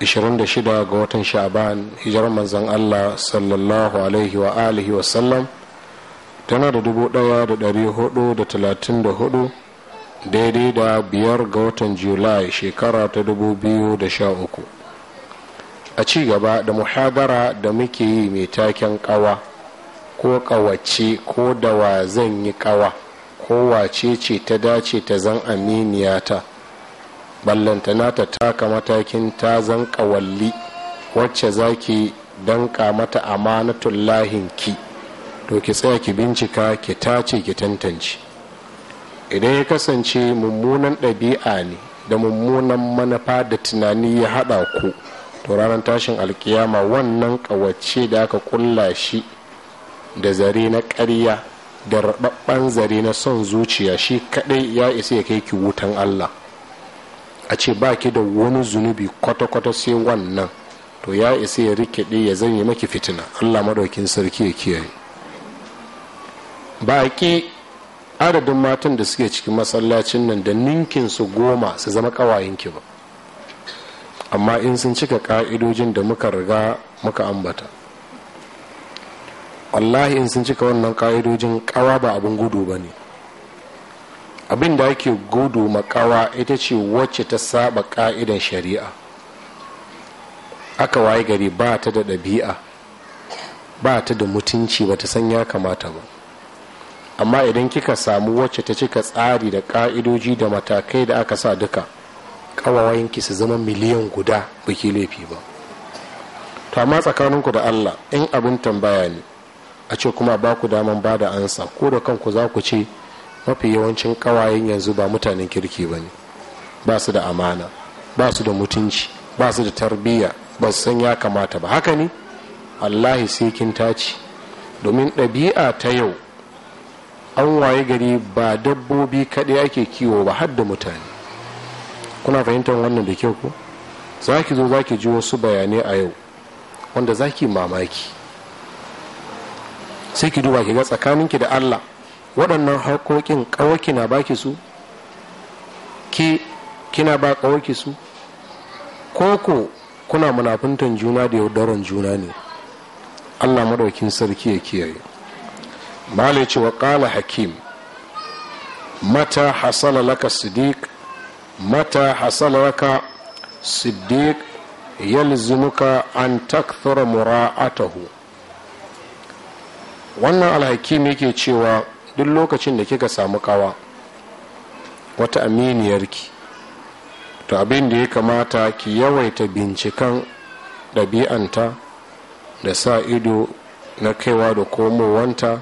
26 ga watan sha'ban hijirar manzan allah sallallahu alaihi wa alihi wasallam tana da 1434 daidai da biyar ga watan julai shekara ta dubu biyu da sha uku. a ci gaba da muhabara da muke yi mai taken kawa ko kawace ko da wa zan yi kawa ko wace ce ta dace ta zan aminiyata ta ballantana ta taka matakin ta zan kawalli wacce za ki danka mata amanatun lahinki to ki tsaya ki bincika ki tace ki tantance idan ya kasance mummunan ɗabi'a ne da mummunan manufa da tunani ya haɗa ku to ranar tashin alkiyama wannan ƙawace da aka kulla shi da zare na karya da raɓaɓɓen zare na son zuciya shi kaɗai ya isa ya kai ki wutan allah a ce ba ki da wani zunubi kwata-kwata sai wannan to ya isa ya rikide ya zanye maki fitina allah maɗaukin sarki ya kiyaye ba ki adadin matan da suke cikin masallacin nan da ninkin su goma su zama ƙawayenki ba amma in sun cika ƙa'idojin da muka riga muka ambata wallahi in sun cika wannan ƙa'idojin ƙawa ba abin gudu ba ne abin da ake gudu makawa ita ce wacce ta saba ka'idan shari'a aka waye gari ba ta da ɗabi'a ba ta da mutunci ba ta san ya kamata ba amma idan kika samu wacce ta cika tsari da ka'idoji da matakai da aka sa duka kawawayenki su zama miliyan guda ba ke laifi ba to amma tsakaninku da allah in abin tambaya ne a ce kuma ba ku daman ba da ansa ko da kanku za ku ce mafi yawancin kawayen yanzu ba mutanen kirki ba ne ba su da amana ba su da mutunci ba su da tarbiyya ba su san ya kamata ba haka ne allahi sai kin taci domin ɗabi'a ta yau an waye gari ba dabbobi kaɗai ake kiwo ba har da mutane kuna fahimtar wannan da kyau ko za ki zo za ki ji wasu bayanai a yau wanda za ki mamaki sai ki duba ki ga tsakaninki da allah waɗannan haƙoƙin ƙawarki na baki su ki kina ba ƙawarki su ko ku kuna munafuntan juna da yaudaran juna ne allah maɗaukin sarki ya kiyaye malai ce wa ƙala hakim mata hasala laka siddiq mata hasala laka siddiq yalzimuka an takthura mura'atahu wannan alhakim yake cewa duk lokacin da kika samu kawa wata aminiyar ki to abin da ya kamata ki yawaita binciken ɗabi'anta da sa ido na kaiwa da komowanta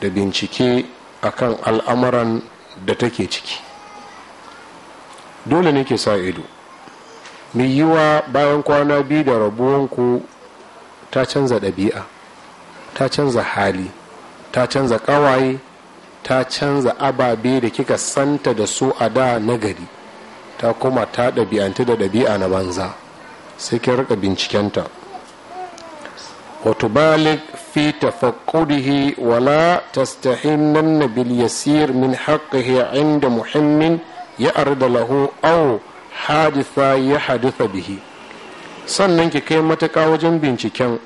da bincike a kan al'amuran da take ciki dole ne ke sa ido mai yiwa bayan kwana biyu da rabuwanku ta canza ɗabi'a ta canza hali ta canza ƙawaye ta canza ababe da kika santa da su a da nagari ta kuma ta ɗabi'anta da ɗabi'a na banza sai kin rika bincikenta fi nan na تفقده ولا min باليسير inda muhimmin ya arda lahu au أو ya يحدث bihi sannan ki kai matuƙa wajen binciken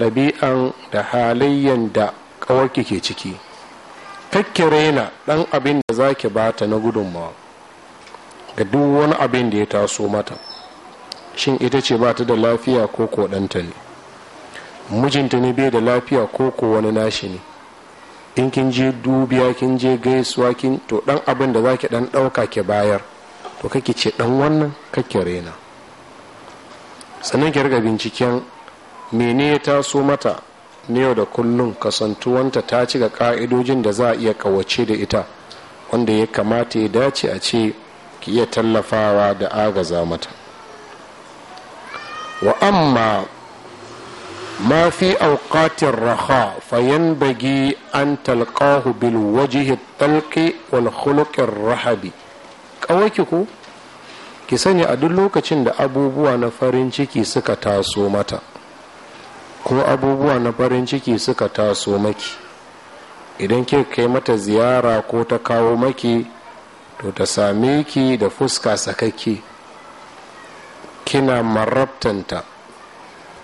ɗabi'an da halayyan da ƙawarki ke ciki kakke na ɗan abin da zaki bata na gudunmawa ga duk wani abin da ya taso mata shin ita ce bata da lafiya ko ko ne mijinta ne bai da lafiya ko ko wani nashi ne in kin je dubiya kin je gaisuwa kin to ɗan abin da zaki dan ɗan ɗauka ki bayar to kake ce ɗan wannan kake rena sannan ki riga binciken mene ya taso mata na yau da kullum kasantuwanta ta ci ga ka'idojin da za a iya kawace da ita wanda ya kamata ya dace a ce ki iya tallafawa da agaza mata wa amma ma fi auqatin raha fayan bagi an talqahu bil wajihi talqi wal khuluqir rahabi kawaki ku ki sani a duk lokacin da abubuwa na farin ciki suka taso mata ko abubuwa na farin ciki suka taso maki idan ke kai mata ziyara ko ta kawo maki to ta same ki da fuska sakakke kina marabtanta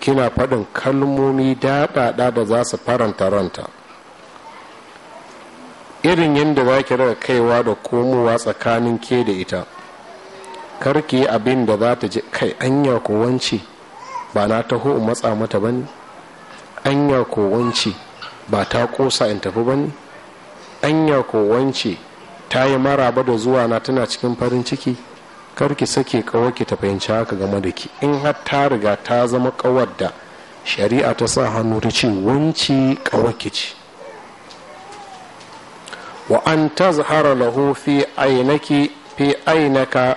kina faɗin kalmomi daɗaɗa da za su faranta ranta irin yadda za ki raka kaiwa da komowa tsakanin ke da ita karki abin da za ta ji kai anya ko wance ba na taho in matsa mata ba ne anya ko wance ba ta kosa in tafi ba ne anya ko wance ta yi maraba da zuwa na tana cikin farin ciki kar ki sake kawar ki ta fahimci haka game da ki in har ta riga ta zama kawar da shari'a ta sa hannu ta ce wance kawar ki ce wa an ta tazhara lahu fi ainaki fi ainaka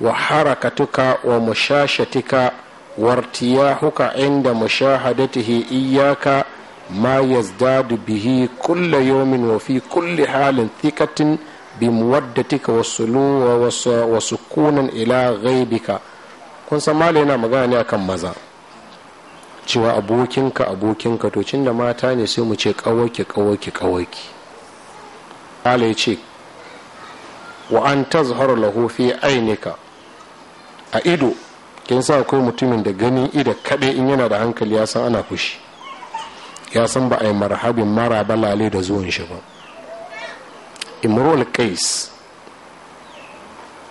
wa harakatuka wa mushashatika wartiya huka inda mu sha hadatu he iyaka mayar da ta bihi kula halin tikitin bimu wadda tika wasu luwa wasu kunun ila gaidika. kunsan yana magana ne akan maza. cewa abokinka abokinka to cinda mata ne sai mu ce kawai ke kawai ke ce. wa an taza har lahofi ya a ido. kin sa akwai mutumin da gani ida kaɗai in yana da hankali ya san ana fushi ya san ba a yi marhabin mara balale da zuwan shi ba imrul kais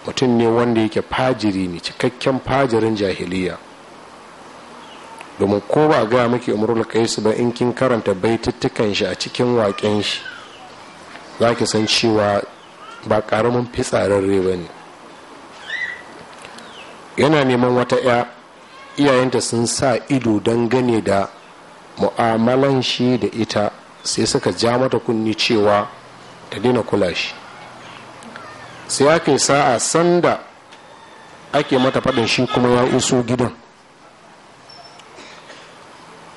mutum ne wanda yake fajiri ne cikakken fajirin jahiliya domin ko ba gaya maki imrul kais ba in kin karanta baituttukan shi a cikin waƙen shi za ki san cewa ba ƙaramin fitsararre ba ne yana neman wata 'ya iyayenta sun sa ido don gane da mu'amalan shi da ita sai suka ja mata kunni cewa ta daina kula shi sai ake sa'a sanda ake mata faɗin shi kuma ya iso gidan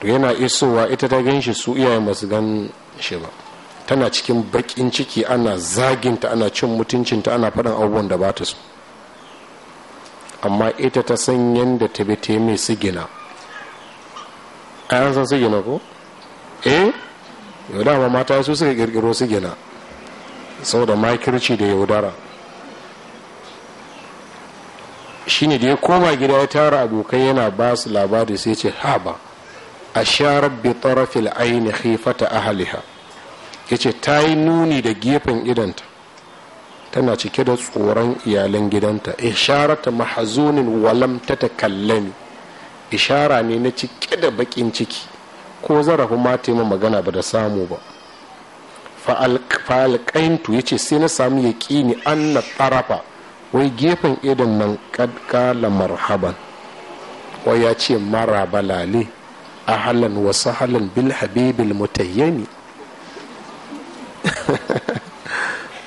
to yana isowa ita ta gan shi su iyaye masu gan shi ba tana cikin baƙin ciki ana zaginta ana cin mutuncinta ana faɗin abubuwan da ba ta so amma ita ta san yadda ta bi ta mai sigina a yan san sigina ko eh yau dama mata su suka kirkiro sigina saboda makirci da yaudara ne da ya koma gida ya tara abokai yana ba su labari sai ce ha ba a sharar bi tarafil aini khifata ya yace ta yi nuni da gefen idanta tana cike da tsoron iyalan gidanta isharata mahazunin walam ta kallani ishara ne na cike da bakin ciki ko zarafi ma ma magana ba da samu ba fa'alƙaintu ya ce sai na samu ya ƙini an na tsarafa wai gefen idan nan ƙadƙala marhaban wai ya ce mara balale a halin wasu halin bil habibil mutayyani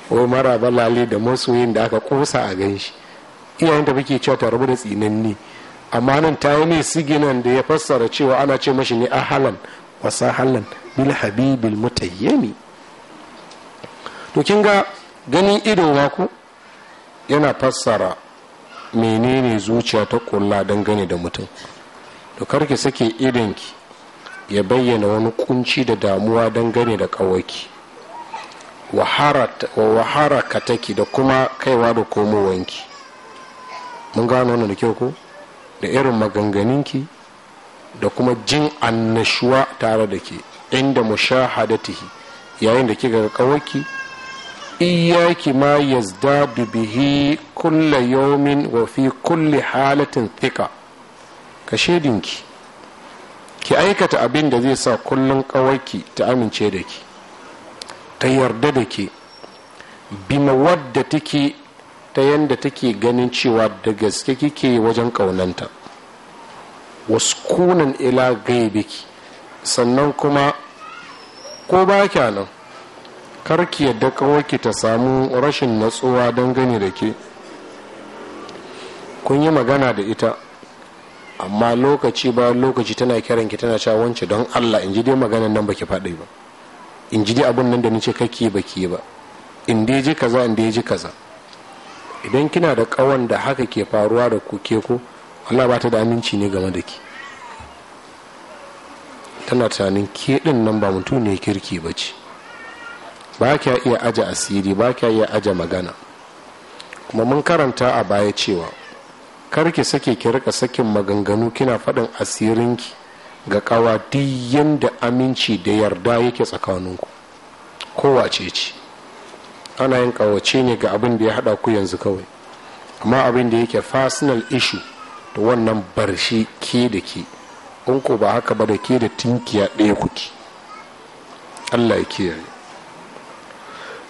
ko mara balale da masoyin da aka kosa a gan shi iyayen da muke cewa ta rabu da tsinanni amma nan ta yi ne siginan da ya fassara cewa ana ce mashi ne ahalan wasa halan bil habibil mutayyami to kin ga ganin ido ku yana fassara menene zuciya ta kulla dangane da mutum to karki sake idonki ya bayyana wani kunci da damuwa dangane da kawaki wahara wa take da kuma kaiwa da komowanki mun gano wannan da kyau ko da irin maganganinki da kuma jin annashuwa tare da ke inda mushahadatihi yayin da kika ga kawaki iyaki ma yazdadu bihi kulla yomin wa fi kulle halatin thika ka shaidinki ki aikata abin da zai sa kullum kawaki ta amince da ki ta yarda da ke bima wadda take ta yadda take ganin cewa da gaske kike wajen kaunanta wasu kunan ila gaibiki sannan kuma ko ba nan karki yadda ki ta samu rashin natsuwa don gani da ke kun yi magana da ita amma lokaci ba lokaci tana kiranki tana cewa wancan don allah in ji dai maganan nan baki faɗi ba in ji abun nan da nace kake baki ba in dai ji kaza in dai ji kaza idan kina da kawan da haka ke faruwa da ku ke ko Allah ba ta da aminci ne game da ki tana tunanin ke din nan ba mutum ne kirki ba ce ba kya iya aje asiri ba kya iya aje magana kuma mun karanta a baya cewa kar ki sake ki rika sakin maganganu kina faɗin asirinki ga kawa duk yanda aminci da yarda yake tsakaninku kowace ce ana yin kawace ne ga abin da ya hada ku yanzu kawai amma abin da yake fasinal issue da wannan barshi ke da ke in ko ba haka ba da ke da tinkiya ɗaya kuki allah ya kiyaye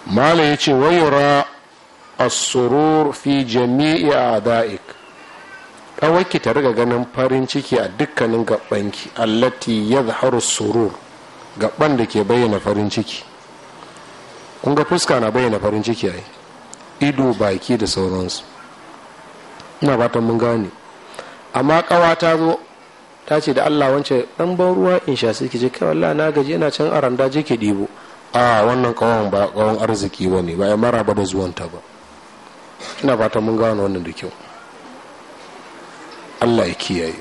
mala ya ce wayura asurur fi jami'i a da'ik ƙawarki ta riga ganin farin ciki a dukkanin gabanki allati ya zaharu surur gaban da ke bayyana farin ciki kun ga fuska na bayyana farin ciki ai ido baki da sauransu ina fatan mun gane amma kawa ta zo ta ce da allah wance dan ban ruwa in sha su ki je kai na gaji yana can aranda je ki ɗibo a wannan kawon ba kawon arziki ba ne ba ya mara ba da zuwanta ba ina fatan mun gane wannan da kyau allah ya kiyaye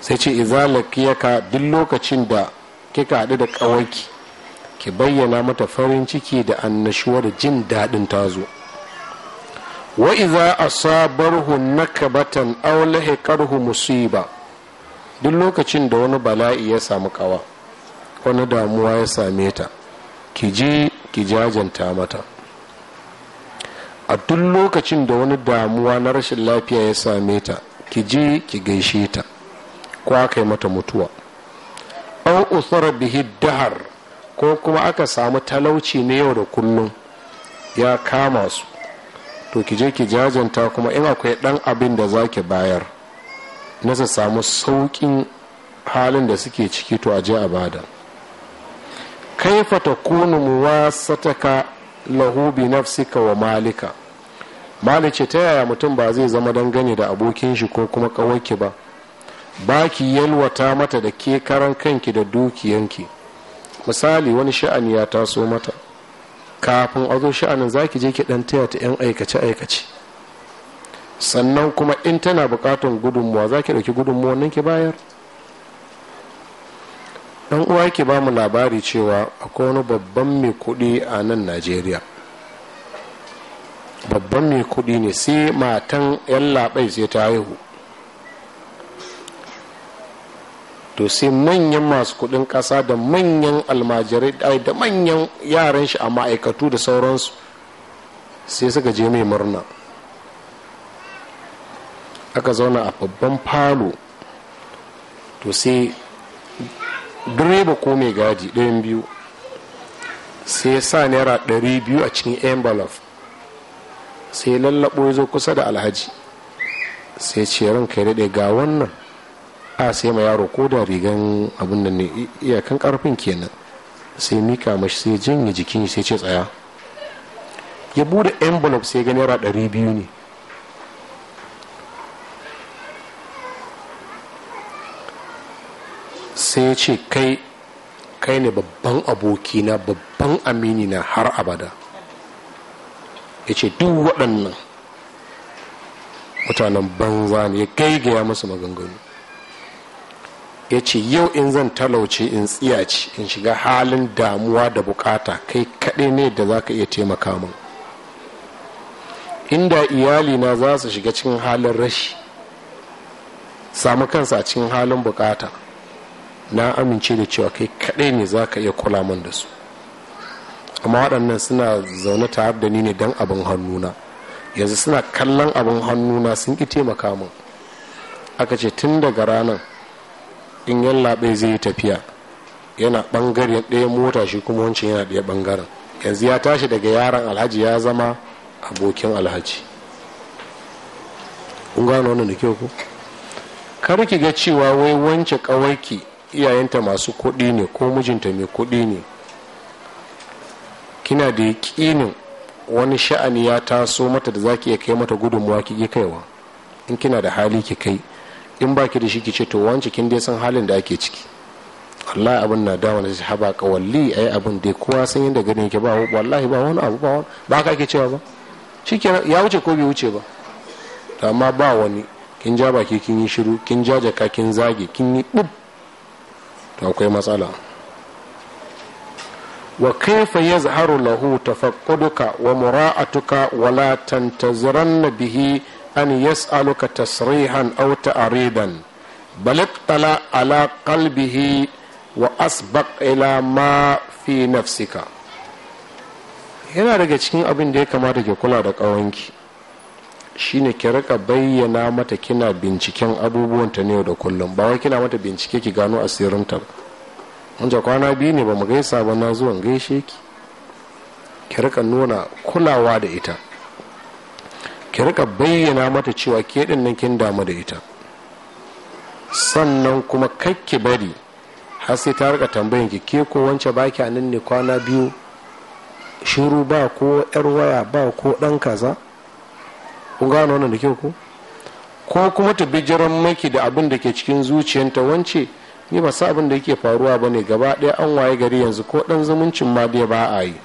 sai ce ka duk lokacin da kika haɗu da ƙawarki ki bayyana mata farin ciki da annashuwa da jin daɗin tazo wa iza asabarhu nakabatan aw lahiqarhu musiba duk lokacin da wani bala'i ya samu kawa wani damuwa ya same ta ki je ki jajanta mata a duk lokacin da wani damuwa na rashin lafiya ya same ta ki je ki gaishe ta ko aka yi mata mutuwa an usara bihi dahar ko kuma aka samu talauci na yau da kullum ya kama su to ki je ki jajanta kuma in akwai dan abin da za ki bayar na su samu sauƙin halin da suke ciki to a je a bada kaifa kunu muwasataka lahu bi nafsika wa malika mala ce ta yaya mutum ba zai zama dangane da abokin shi ko kuma ƙawarki ba ba ki yalwata mata da ke karan kanki da dukiyanki misali wani sha'ani ya taso mata kafin a zo sha'anin za ki je ki dan taya ta 'yan aikace aikace sannan kuma in tana bukatun gudunmuwa za ki ɗauki gudunmuwan nan ki bayar dan uwa ki ba mu labari cewa akwai wani babban mai kuɗi a nan najeriya babban mai kuɗi ne sai matan yan yallaɓai sai ta haihu to sai manyan masu kuɗin ƙasa da manyan almajirai da manyan yaran shi a ma'aikatu da sauransu sai suka je mai murna aka zauna a babban falo to sai direba ko mai gadi ɗayan biyu sai sa naira ɗari biyu a cikin envelope sai lallabo ya zo kusa da alhaji sai ce ranka ya daɗe ga wannan a sai ma yaro ko da rigan abin nan ne iyakan karfin kenan sai mika mashi sai janye jikin sai ce tsaya ya bude envelope sai ga naira ɗari biyu ne sai ce kai kai ne babban abokina babban amini na har abada ya ce duk waɗannan mutanen banza ne ya gaigaya masu maganganu ya ce yau in zan talauci in tsiyaci in shiga halin damuwa da bukata kai kaɗai ne da za ka iya taimaka min inda iyalina za su shiga cikin halin rashi samu kansa cikin halin bukata na amince da cewa kai kaɗai ne za ka iya kula min da su amma waɗannan suna zaune tare da ni ne don abin hannuna yanzu suna kallon abin hannuna sun ƙi taimaka min aka ce tun daga ranar in laɓe zai yi tafiya yana ɓangare ɗaya mota shi kuma wancan yana ɗaya ɓangaren yanzu ya tashi daga yaran alhaji ya zama abokin alhaji kun gano wannan da kyau ko kar ki ga cewa wai wance ƙawarki iyayenta masu kuɗi ne ko mijinta mai kuɗi ne kina da yaƙinin wani sha'ani ya taso mata da zaki iya kai mata gudunmuwa ki ke kaiwa in kina da hali ki kai in baki da shi ki ce to wance kin dai san halin da ake ciki wallahi abin na dawo na shi haba kawalli ai abin da kowa san yadda gani ke ba wallahi ba wani abu ba wani ba ka ke cewa ba ke ya wuce ko bai wuce ba amma ba wani kin ja baki kin yi shiru kin jajaka kin zage kin yi dub to akwai matsala wa kaifa yazharu lahu tafaqquduka wa mura'atuka wa la tantaziranna bihi an yas'aluka tasrihan auta a bal iqtala ala qalbihi wa asbaq ila ma fi nafsika yana daga cikin abin da ya kamata ke kula da ƙawanki shine ki rika bayyana mata kina binciken abubuwanta ne da kullum ba wai kina mata bincike ki gano asirinta ba ja kwana biyu ne ba mu gaisa ba na zuwan gaishe ki ki rika nuna kulawa da ita ki rika bayyana mata cewa ke din nan kin damu da ita sannan kuma ki bari har sai ta rika tambayin ki ke ko wance baki a nan ne kwana biyu shiru ba ko yar waya ba ko dan kaza kun gano wannan da ke ku ko kuma ta bijiran maki da abin da ke cikin zuciyanta wance ni ba sa abin da yake faruwa ba ne gaba ɗaya an waye gari yanzu ko ɗan zumuncin ma dai ba a yi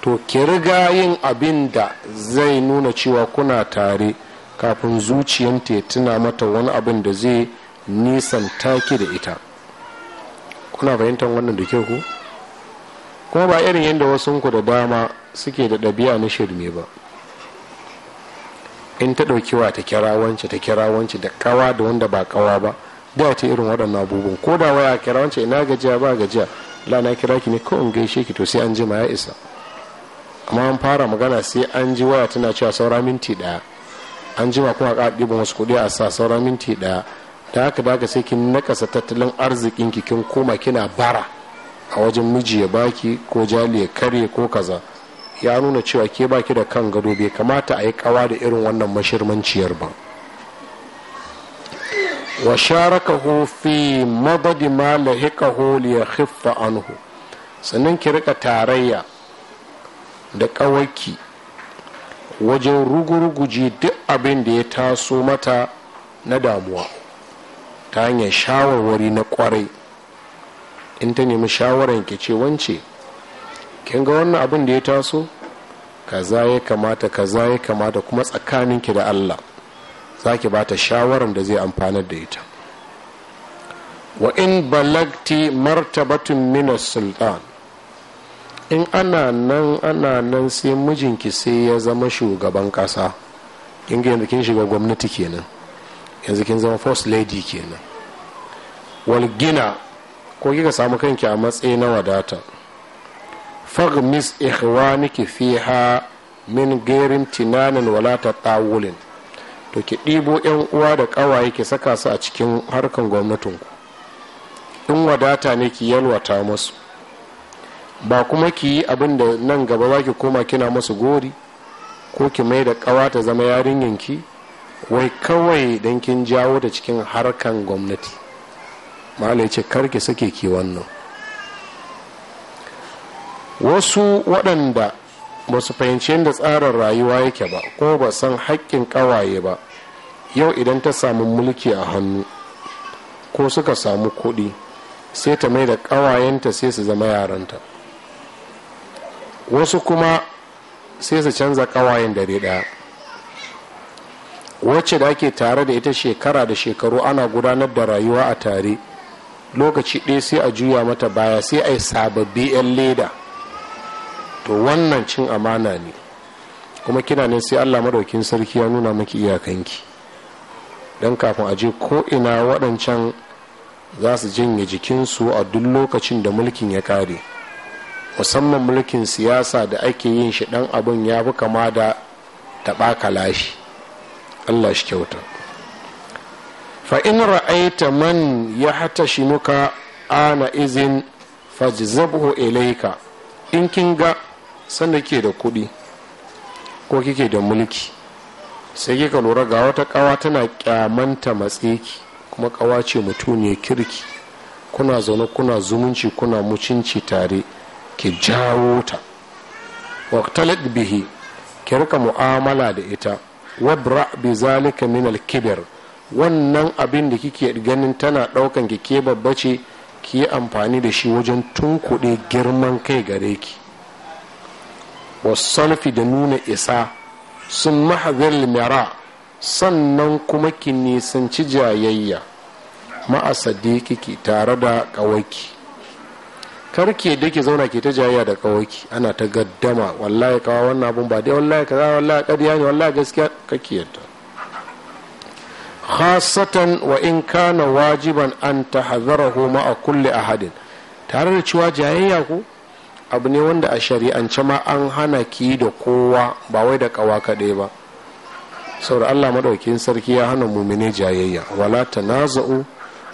to ki riga yin abin da zai nuna cewa kuna tare kafin zuciyanta ya tuna mata wani abin da zai nisan ki da ita kuna fahimtar wannan da kyau ku kuma ba irin yadda ku da dama suke da ɗabi'a na shirme ba in ta ɗauki wa ta kira wance ta kira wance da kawa da wanda ba kawa ba da ta irin waɗannan abubuwan ko da waya kira wancan ina gajiya ba gajiya la na kira ki ne ko in gaishe ki to sai an jima ya isa amma an fara magana sai an ji waya tana cewa saura minti ɗaya an jima kuma ka ɗiba wasu kuɗi a sa saura minti ɗaya da haka da haka sai kin nakasa tattalin arzikin ki kin koma kina bara a wajen miji ya baki ko jali ya karye ko kaza ya nuna cewa ke baki da kan gado bai kamata a yi kawa da irin wannan mashirmanciyar ba. wa sharakahu fi madadi ma lahikahu li anhu sannan ki rika tarayya da kawaki wajen rugurguje duk abin da ya taso mata na damuwa ta hanyar shawarwari na kwarai in ta nemi shawaran ki ce wance kin ga wannan abin da ya taso kaza ya kamata kaza ya kamata kuma tsakaninki da Allah sake bata ta shawarar da zai amfanar da ita wa in balagti martabatun minas sultan in ana nan ana nan sai mijinki sai ya zama shugaban kasa in yanzu kin shiga gwamnati kenan yanzu kin zama first lady kenan walgina ko kika samu kanki a matsayi na wadata fagmis ikhwaniki fiha min gairin tinanin wala ta tawulin to ki ɗibo 'yan uwa da ƙawaye ki saka su a cikin harkan gwamnatin ku in wadata ne ki yalwata musu ba kuma ki yi abin da nan gaba ba ki koma kina musu gori ko ki mai da ƙawa ta zama ki wai kawai don kin jawo da cikin harkan gwamnati malai ce karki sake ki wannan wasu waɗanda ba su fahimci yadda tsarin rayuwa yake ba ko ba san haƙƙin ƙawaye ba yau idan ta samu mulki a hannu ko suka samu kuɗi sai ta mai da ƙawayenta sai su zama yaranta wasu kuma sai su canza ƙawayen dare ɗaya wacce da ake tare da ita shekara da shekaru ana gudanar da rayuwa a tare lokaci ɗaya sai a juya mata baya sai a yi sababbi 'yan leda to wannan cin amana ne kuma kina ne sai allah madaukin sarki ya nuna maki iyakanki don kafin aje ko ina waɗancan za su janye jikinsu a duk lokacin da mulkin ya kare musamman mulkin siyasa da ake yin shi ɗan abin ya fi kama da taɓa kalashi allah shi kyauta fa'in ra'aita man ya hata shi muka ana izin fajizabu ilaika in kin ga sanda ke da kuɗi ko kike da mulki sai kika lura ga wata kawa tana kyamanta matse ki kuma kawa ce ne kirki kuna zaune kuna zumunci kuna mucinci tare ki jawo ta waktalat bihi ki rika mu'amala da ita wabra bi zalika min alkibir wannan abin da kike ganin tana daukan ki ke babba ce ki yi amfani da shi wajen tunkuɗe girman kai gare ki wasanfi da nuna isa sun mahazar limara sannan kuma ki nisanci jayayya ma'a ki tare da kar karke da ke zauna ke ta jayayya da kawaki ana ta gaddama wallahi kawo wannan abun ba dai wallahi kaza wallahi ƙarya ne wallahi gaskiya kake yadda khasatan wa in kana wajiban an ta a ma'a kulli ahadin tare da cewa jayayya ko abu ne wanda a shari'ance ma an hana ki da kowa ba wai da kawa kaɗai ba saboda allah maɗaukin sarki ya hana mumine jayayya wala ta naza'u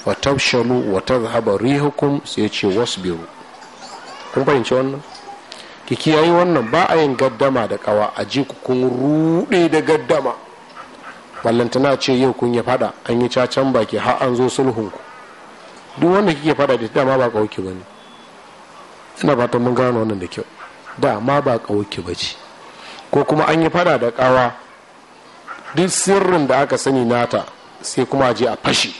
wa tabshalu wa ta tadhhaba rihukum sai ce wasu biyu kun fahimci wannan ki kiyaye wannan ba a yin gaddama da kawa a ji kun rude da gaddama ballantana ce yau kun ya fada an yi cacan baki har an zo sulhun ku duk wanda kike fada da dama ba kauki bane ina ba ta mun gano wannan da kyau da ma ba ƙawaki ba ce ko kuma an yi fada da kawa duk sirrin da aka sani nata sai kuma je a fashi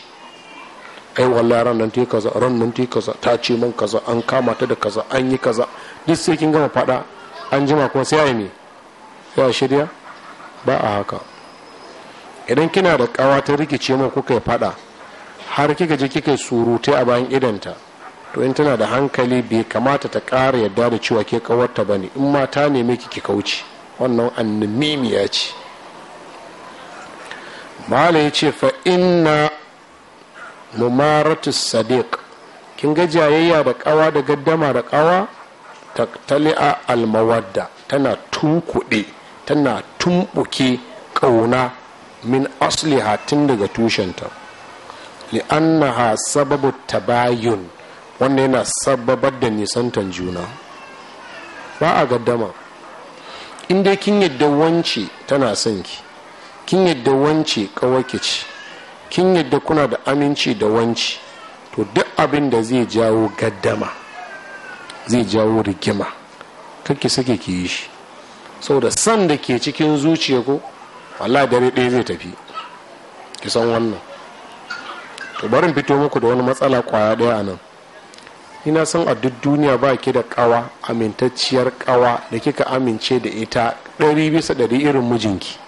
ai wallahi ran nan ta kaza ran nan ta kaza ta ce man kaza an kama ta da kaza an yi kaza duk sai kin gama fada an jima kuma sai ai me ya shirya ba a haka idan kina da kawa ta rikice man kuka fada har kika je kika surutai a bayan idanta to in tana da hankali bai kamata ta ƙara yadda da cewa ke kawarta ba ne in ma ta neme ki ki kauce wannan ya ce mala ya ce fa inna mumaratu sadiq kin ga jayayya da kawa da gaddama da kawa taktali'a almawadda tana tunkuɗe tana tumɓuke ƙauna min asliha tun daga tushenta li'annaha sababu tabayun wannan yana sababar da nisantan juna ba a gaddama in dai kin yadda wance tana son ki kin yadda wance kawake ci kin yadda kuna da aminci da wance to duk abin da zai jawo gaddama zai jawo rigima kake sake ki yi shi da san da ke cikin zuciya ko wallahi dare ɗaya zai tafi ki san wannan to barin fito muku da wani matsala kwaya ɗaya a nan ina san a duk duniya ba ki da kawa amintacciyar kawa da kika amince da ita ɗari bisa ɗari irin mijinki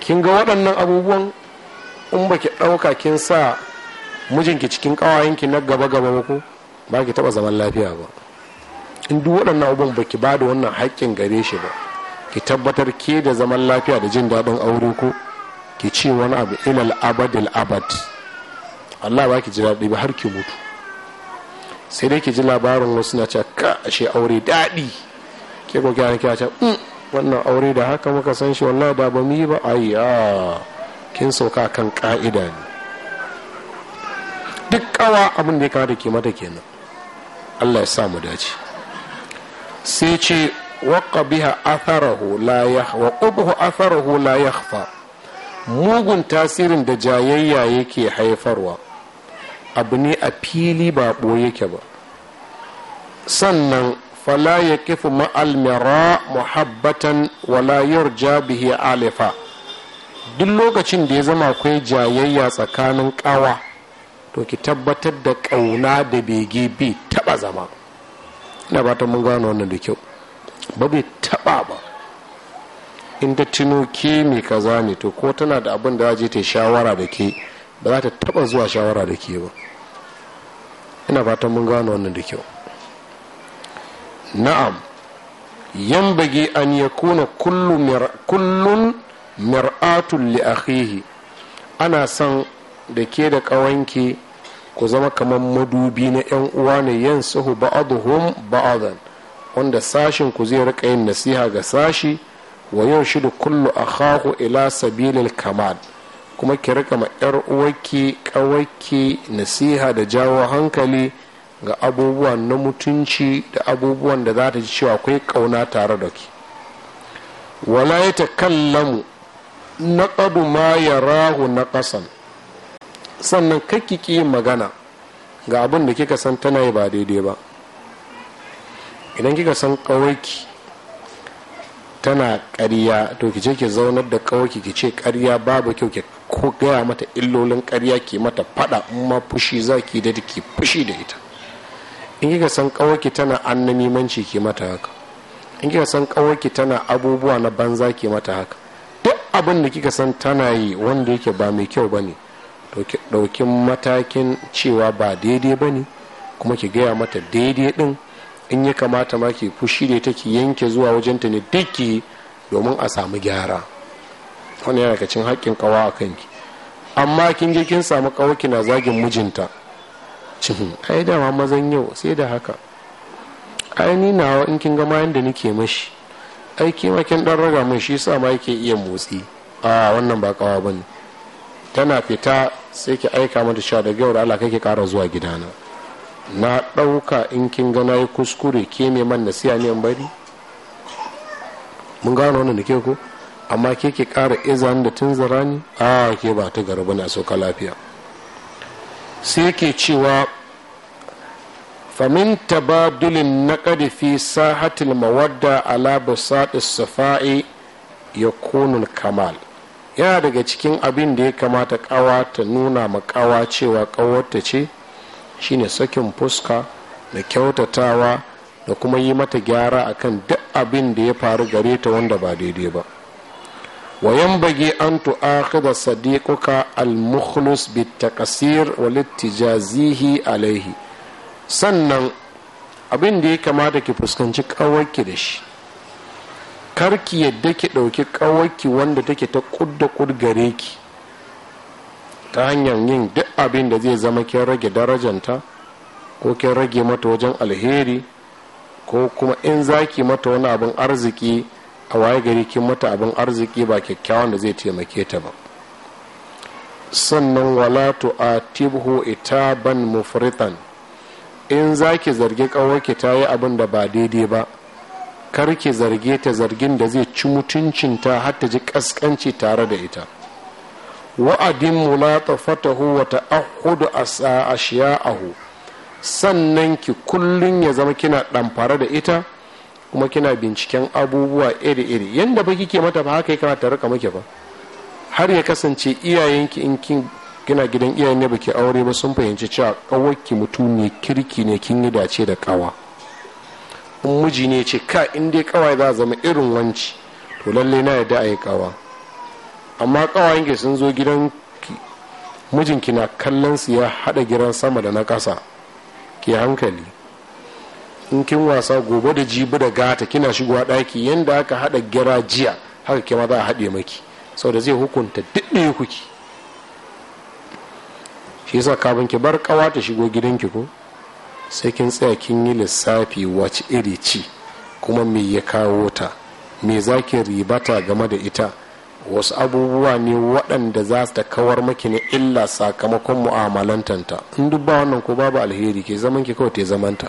kin ga waɗannan abubuwan in ba ki ɗauka kin sa mijinki cikin ƙawayenki na gaba gaba ba ko ba ki taɓa zaman lafiya ba in duk waɗannan abubuwan ba ki ba da wannan haƙƙin gare shi ba ki tabbatar ke da zaman lafiya da jin daɗin aure ko ki ce wani abu ilal abadil abad Allah ba ki ji daɗi ba har ki mutu sai dai ki ji labarin wasu na cakashe ka ashe aure daɗi ke ko kya kya ce mm, wannan aure da haka muka san shi wannan da ba mu yi ba ayya kin sauka kan ƙa'ida ne duk ƙawa abin da ya kamata ke mata kenan Allah ya sa mu dace sai ce waqa biha atharahu la yahwa qubhu atharahu la mugun tasirin da jayayya yake haifarwa abu ne a fili ba ɓo yake ba sannan fala ya kifu ma'almira muhabbatan wala yurja bihi alifa duk lokacin da ya zama akwai jayayya tsakanin ƙawa to ki tabbatar da ƙauna da bege bai taɓa zama ina ba mun gano wannan da kyau ba bai taɓa ba in ta tuno ke mai kaza ne to ko tana da abin da za je ta shawara da ke ba za ta taɓa zuwa shawara da ke ba ina fatan mun gano wannan da kyau na'am yan bage an yakuna kullun mir'atun li akhihi ana san da ke da ƙawanki ku zama kamar madubi na 'yan uwa ne yan suhu ba'aduhum ba'adan wanda sashin ku zai rika yin nasiha ga sashi wa yau shi da kullu akhahu ila sabilil kamal kuma ki rika ma yar uwarki kawarki nasiha da jawo hankali ga abubuwan na mutunci da abubuwan da za ta ji cewa akwai kauna tare da ki wala ya ta kallamu na ma ya rahu na ƙasan. sannan kakki ki magana ga abin da kika san tana yi ba daidai ba idan kika san kawarki tana ƙarya to ki je ki zaunar da kawai ki ce ƙarya babu kyau ki ko gaya mata illolin ƙarya ki mata fada in ma fushi za ki da ki fushi da ita in kika san kawai ki tana annamimanci ki mata haka in kika san kawai ki tana abubuwa na banza ki mata haka duk abin da kika san tana yi wanda yake ba mai kyau bane to ki dauki matakin cewa ba daidai bane kuma ki gaya mata daidai din in ya kamata ma ke fushi da take yanke zuwa wajen ta ne dukki domin a samu gyara wani yana kacin cin haƙƙin kawa a kanki amma kin je kin samu kawaki na zagin mijinta cikin ai dama mazan yau sai da haka ai ni nawa in kin gama da nake mashi aiki ma kin dan raga min shi sa ma yake iya motsi a wannan ba kawa bane tana fita sai ki aika mata yau da ala Allah kake kara zuwa gidana na ɗauka in kin gana yi kuskure ke neman nasiya ne bari mun gano wannan ke ko amma ke ke ƙara izan da tun zara ne a ke ba ta garba na sauka lafiya sai ke cewa famin tabadulin na ƙarfi sahatil mawadda ala basaɗis safa'i ya konul kamal yana daga cikin abin da ya kamata ƙawa ta nuna ma ƙawa cewa ƙawarta ce shine sakin fuska da kyautatawa da kuma yi mata gyara akan duk abin da ya faru gare ta wanda ba daidai ba wayan bage an sadiƙuka sadiquka al-mukhlus bitakasir walittijazihi alaihi sannan abin da ya kamata ki fuskanci ƙawarki da shi karki yadda ki ɗauki ƙawarki wanda take ta ƙudda ƙud gare ki ta hanyar yin duk abin da zai zama kin rage darajanta ko kin rage mata wajen alheri ko kuma in zaki mata wani abin arziki a waye gari kin mata abin arziki ba kyakkyawan da zai taimake ta ba sannan walatu a wala ita ban mufritan in zaki zargi ki ta yi abin da ba daidai ba kar ki zarge ta zargin da zai ci mutuncinta har ta ji kaskanci tare da ita wa'adin mulatafatahu wa ta'ahudu ashiya'ahu sannan ki kullum ya zama kina fara da ita kuma kina binciken abubuwa iri-iri yadda ba kike mata ba haka ya tare rika muke ba har ya kasance iyayenki in kin kina gidan iyayen ne baki aure ba sun fahimci cewa kawarki mutum ne kirki ne kin yi dace da kawa in miji ne ce ka in dai kawai za zama irin wanci to lallai na yadda a yi kawa amma ƙawayenki sun zo gidan mijinki na kallon su ya haɗa gidan sama da na ƙasa ki hankali in kin wasa gobe da jibi da gata kina shigowa ɗaki yadda aka haɗa gira jiya haka kima za a haɗe maki sau da zai hukunta duk ɗaya kuki shi yasa kafin ki bar ƙawa ta shigo gidanki ko sai kin tsaya kin yi lissafi wace iri ci kuma me ya kawo ta me za ki ribata game da ita wasu abubuwa ne waɗanda za su ta kawar maki ne illa sakamakon mu'amalantanta in duk ba wannan ko babu alheri ke zaman ki kawai te zamanta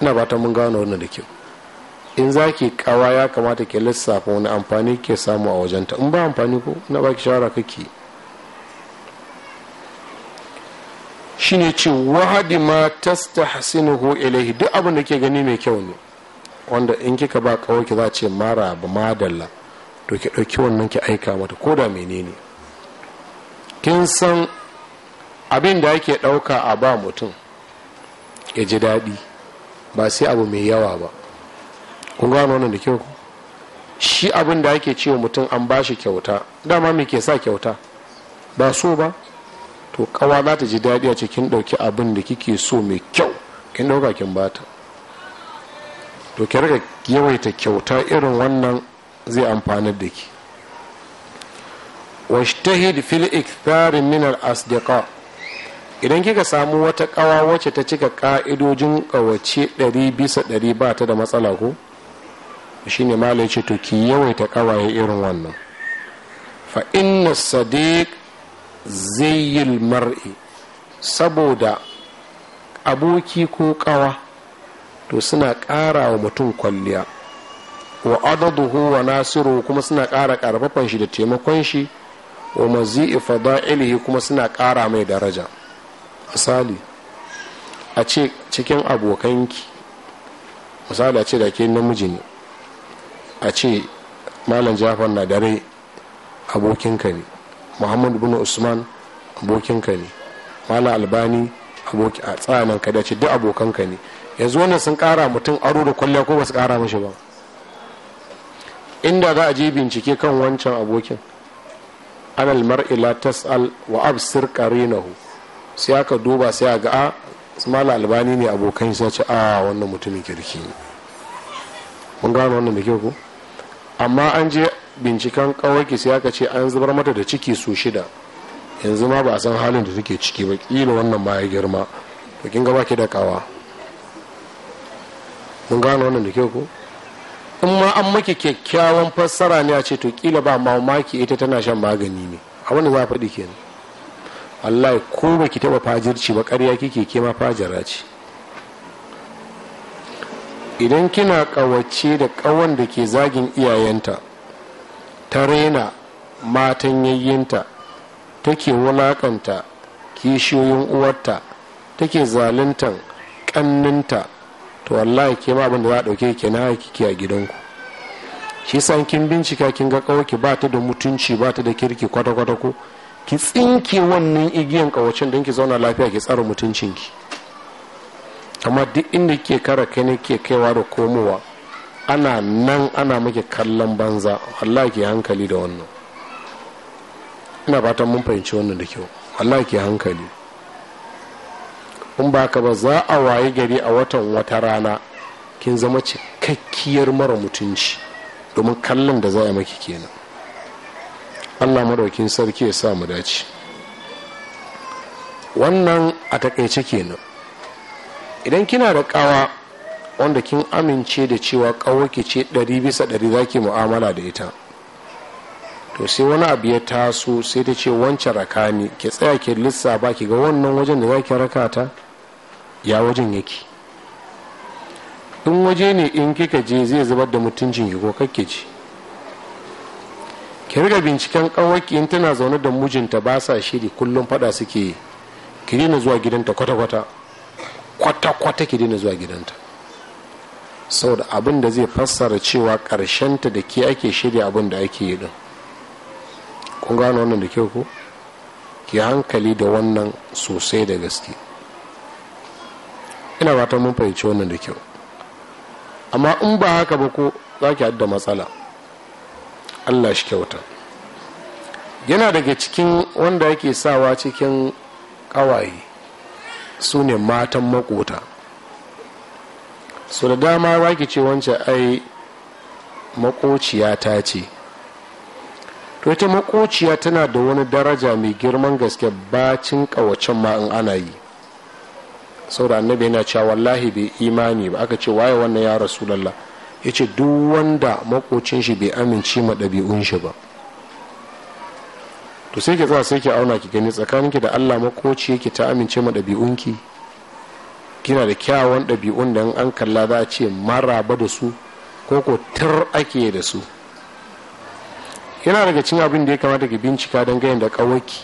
ina ba ta mun gano wannan da kyau in za ki kawa ya kamata ki lissafa wani amfani ke samu a wajenta in ba amfani ko na baki shawara kake ne ce wahadi ma tastahsinuhu ilaihi duk abin da ke gani mai kyau ne wanda in kika ba kawai ki za ce mara ba madalla to ki wannan ki aika mata ko da menene kin san abin da yake ɗauka a ba mutum ya ji daɗi ba sai abu mai yawa ba kun gano wannan da kyau shi abin da ake cewa mutum an ba shi kyauta dama me ke sa kyauta ba so ba to kawa za ta ji daɗi a cikin ɗauki abin da kike so mai kyau kin ɗauka kin bata to ki rika yawaita kyauta irin wannan zai amfanar da ki washtahid fil ikthar min al asdiqa idan kika samu wata kawa wacce ta cika ka'idojin kawace 100 bisa 100 ba ta da matsala ko shine malai ce to ki yawaita kawaye irin wannan fa inna sadiq zayyil mar'i saboda aboki ko kawa to suna ƙara wa mutum kwalliya wa adaduhu wa nasiru kuma suna ƙara ƙarfafan shi da taimakon shi wa mazi'i fada'ilihi kuma suna ƙara mai daraja misali a ce cikin abokanki misali a ce da ke namiji ne a ce malam jafar na dare abokinka ne muhammadu bin usman abokinka ne malam albani aboki a tsanan ka da ce duk abokanka ne yanzu wannan sun kara mutum aro da kwalliya ko ba su kara mashi ba inda za a je bincike kan wancan abokin anal mar'i la tas'al wa absir qarinahu sai aka duba sai a ga a ah, mala albani ne abokan sai ce a ah, wannan mutumin kirki ne mun gano wannan da ke ku? amma an je binciken kawaki sai aka ce an zubar mata da ciki su shida yanzu ma ba a san halin da suke ciki ba kila wannan ma ya girma to kin ga baki da kawa mun gano wannan da ke ku? in ma an maki kyakkyawan fassara ne a ce to kila ba mamaki ita tana shan magani ne a wani za faɗi kenan Allah ko ba ki taɓa fajirci ba ƙarya kike ke ma fajira ce idan kina ƙawace da ƙawan da ke zagin iyayenta ta raina matan yayyinta take wulaƙanta kishiyoyin uwarta take zaluntan ƙanninta to wallahi ke ma abin da za a ɗauke ke na kike a gidanku shi san kin bincika kin ga kawaki ba ta da mutunci ba ta da kirki kwata-kwata ko ki tsinke wannan igiyan kawacin don ki zauna lafiya ki tsara mutuncin ki. amma duk inda ke kara kai ne ke kaiwa da komowa ana nan ana muke kallon banza wallahi ke hankali da wannan ina fatan mun fahimci wannan da kyau wallahi ke hankali in ba ka ba za a waye gari a watan wata rana kin zama cikakkiyar mara mutunci domin kallon da za a maki kenan allah maraukin sarki ya sa mu dace wannan a takaice kenan idan kina da kawa wanda kin amince da cewa ki ce 100 bisa 100 za ki mu'amala da ita to sai wani abu ya taso sai ta ce wancan raka ne ki tsaya ki ba ki ga wannan wajen da za ki raka ta ya wajen yake in waje ne in kika je zai zubar da mutuncin ki ko kake ji ki riga binciken kawaki in tana zaune da mijinta ba sa shiri kullum fada suke ki daina zuwa gidanta kwata-kwata kwata-kwata ki daina zuwa gidanta saboda abin da zai fassara cewa ta da ke ake shirya abin da ake yi din kun gano wannan da kyau ko ki hankali da wannan sosai da gaske ina fatan mun fahimci wannan da kyau amma in ba haka ba ko za ki da matsala allah shi kyauta yana daga cikin wanda yake sawa cikin kawaye su ne matan makota su da dama ba ki ce wance ai makociya ta ce to ita makociya tana da wani daraja mai girman gaske bacin kawacin ma in ana yi saboda annabi yana cewa wallahi bai imani ba aka ce waye wannan ya rasu lalla ya ce duk wanda makocin shi bai amince ma ɗabi'un shi ba to sai ke zuwa sai ke auna ki gani tsakanin ki da Allah makoci yake ta amince ma ɗabi'un ki kina da kyawun ɗabi'un da an kalla za a ce maraba da su ko ko tar ake da su yana daga cin abin da ya kamata ki bincika don gaya da kawaki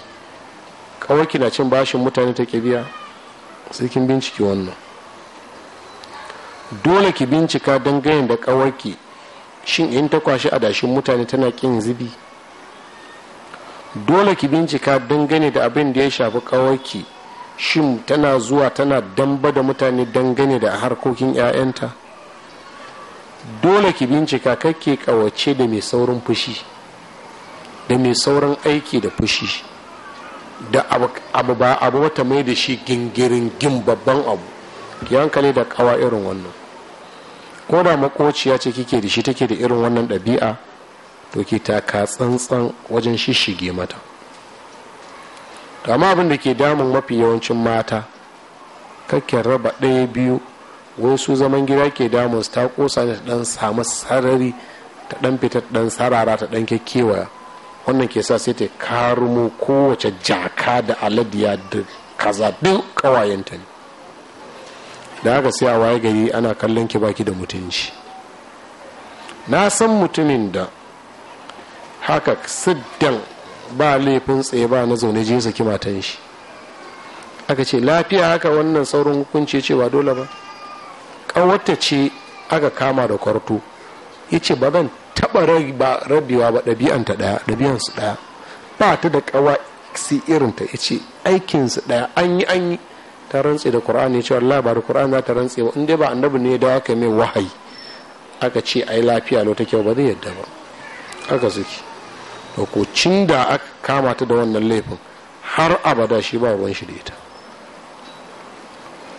kawaki na cin bashin mutane ta biya sai kin bincike wannan dole ki bincika dangane da kawarki shin in ta kwashi adashin mutane tana kin zubi dole ki bincika dangane da abin da ya shafi kawarki shin tana zuwa tana damba da mutane dangane da harkokin 'ya'yanta dole ki bincika kake kawace da mai saurin fushi da mai saurin aiki da fushi da abu ba abu wata mai da shi gingirin gin babban abu ki hankali da kawa irin wannan ko da makociya ce kike da shi take da irin wannan ɗabi'a to ki taka tsantsan wajen shishige mata amma abin da ke damun mafi yawancin mata kakken raba ɗaya biyu wai su zaman gida ke damun su ta kosa ta ɗan samu sarari ta dan fita ɗan sarara ta ɗan kyakkewaya wannan ke sa sai ta karumo kowace jaka da aladiya da kaza duk kawayenta ne da haka sai a waye gari ana kallon ki baki da mutunci na san mutumin da haka siddan ba laifin tsaye ba na zaune je saki matan shi aka ce lafiya haka wannan saurin hukunci ce dole ba ƙawarta ce aka kama da kwarto ya ce ba zan taɓa rabewa ba ɗabi'anta ɗaya ɗabi'ansu ɗaya ba ta da ƙawa si irinta ya ce aikinsu ɗaya an yi an yi ta rantse da ƙur'ani ya ce wa labarin ƙur'ani ta rantse ba in dai ba annabi ne da aka mai wahayi aka ce ai lafiya lo ta kyau ba zai yadda ba aka suke da ko da aka kama ta da wannan laifin har abada shi ba ruwan shi da ita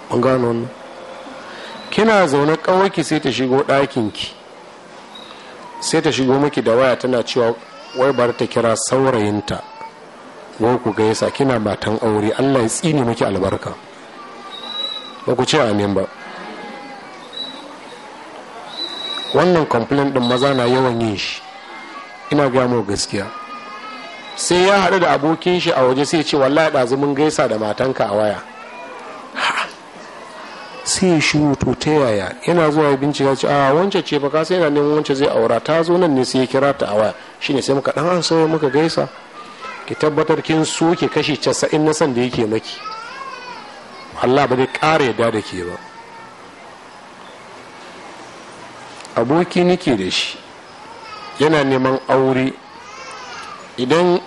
an gano kina zaune kawai sai ta shigo ɗakin ki sai ta shigo miki da waya tana cewa wai bari ta kira saurayinta wai ku gaisa kina matan aure allah ya tsini miki albarka ba ku ce amin ba wannan complain din maza na yawan yin shi ina gaya mu gaskiya sai ya haɗu da abokin shi a waje sai ce wallahi ɗazu mun gaisa da matanka a waya sai shiru to ta yaya yana zuwa bincika ce a wance ce ba kasa yana neman wance zai aura ta zo nan ne sai ya kira ta a waya shine sai muka dan an sauya muka gaisa ki tabbatar kin so ki kashi casa'in na san da yake maki Allah ba zai ƙara yadda da ke ba aboki nike da shi yana neman aure idan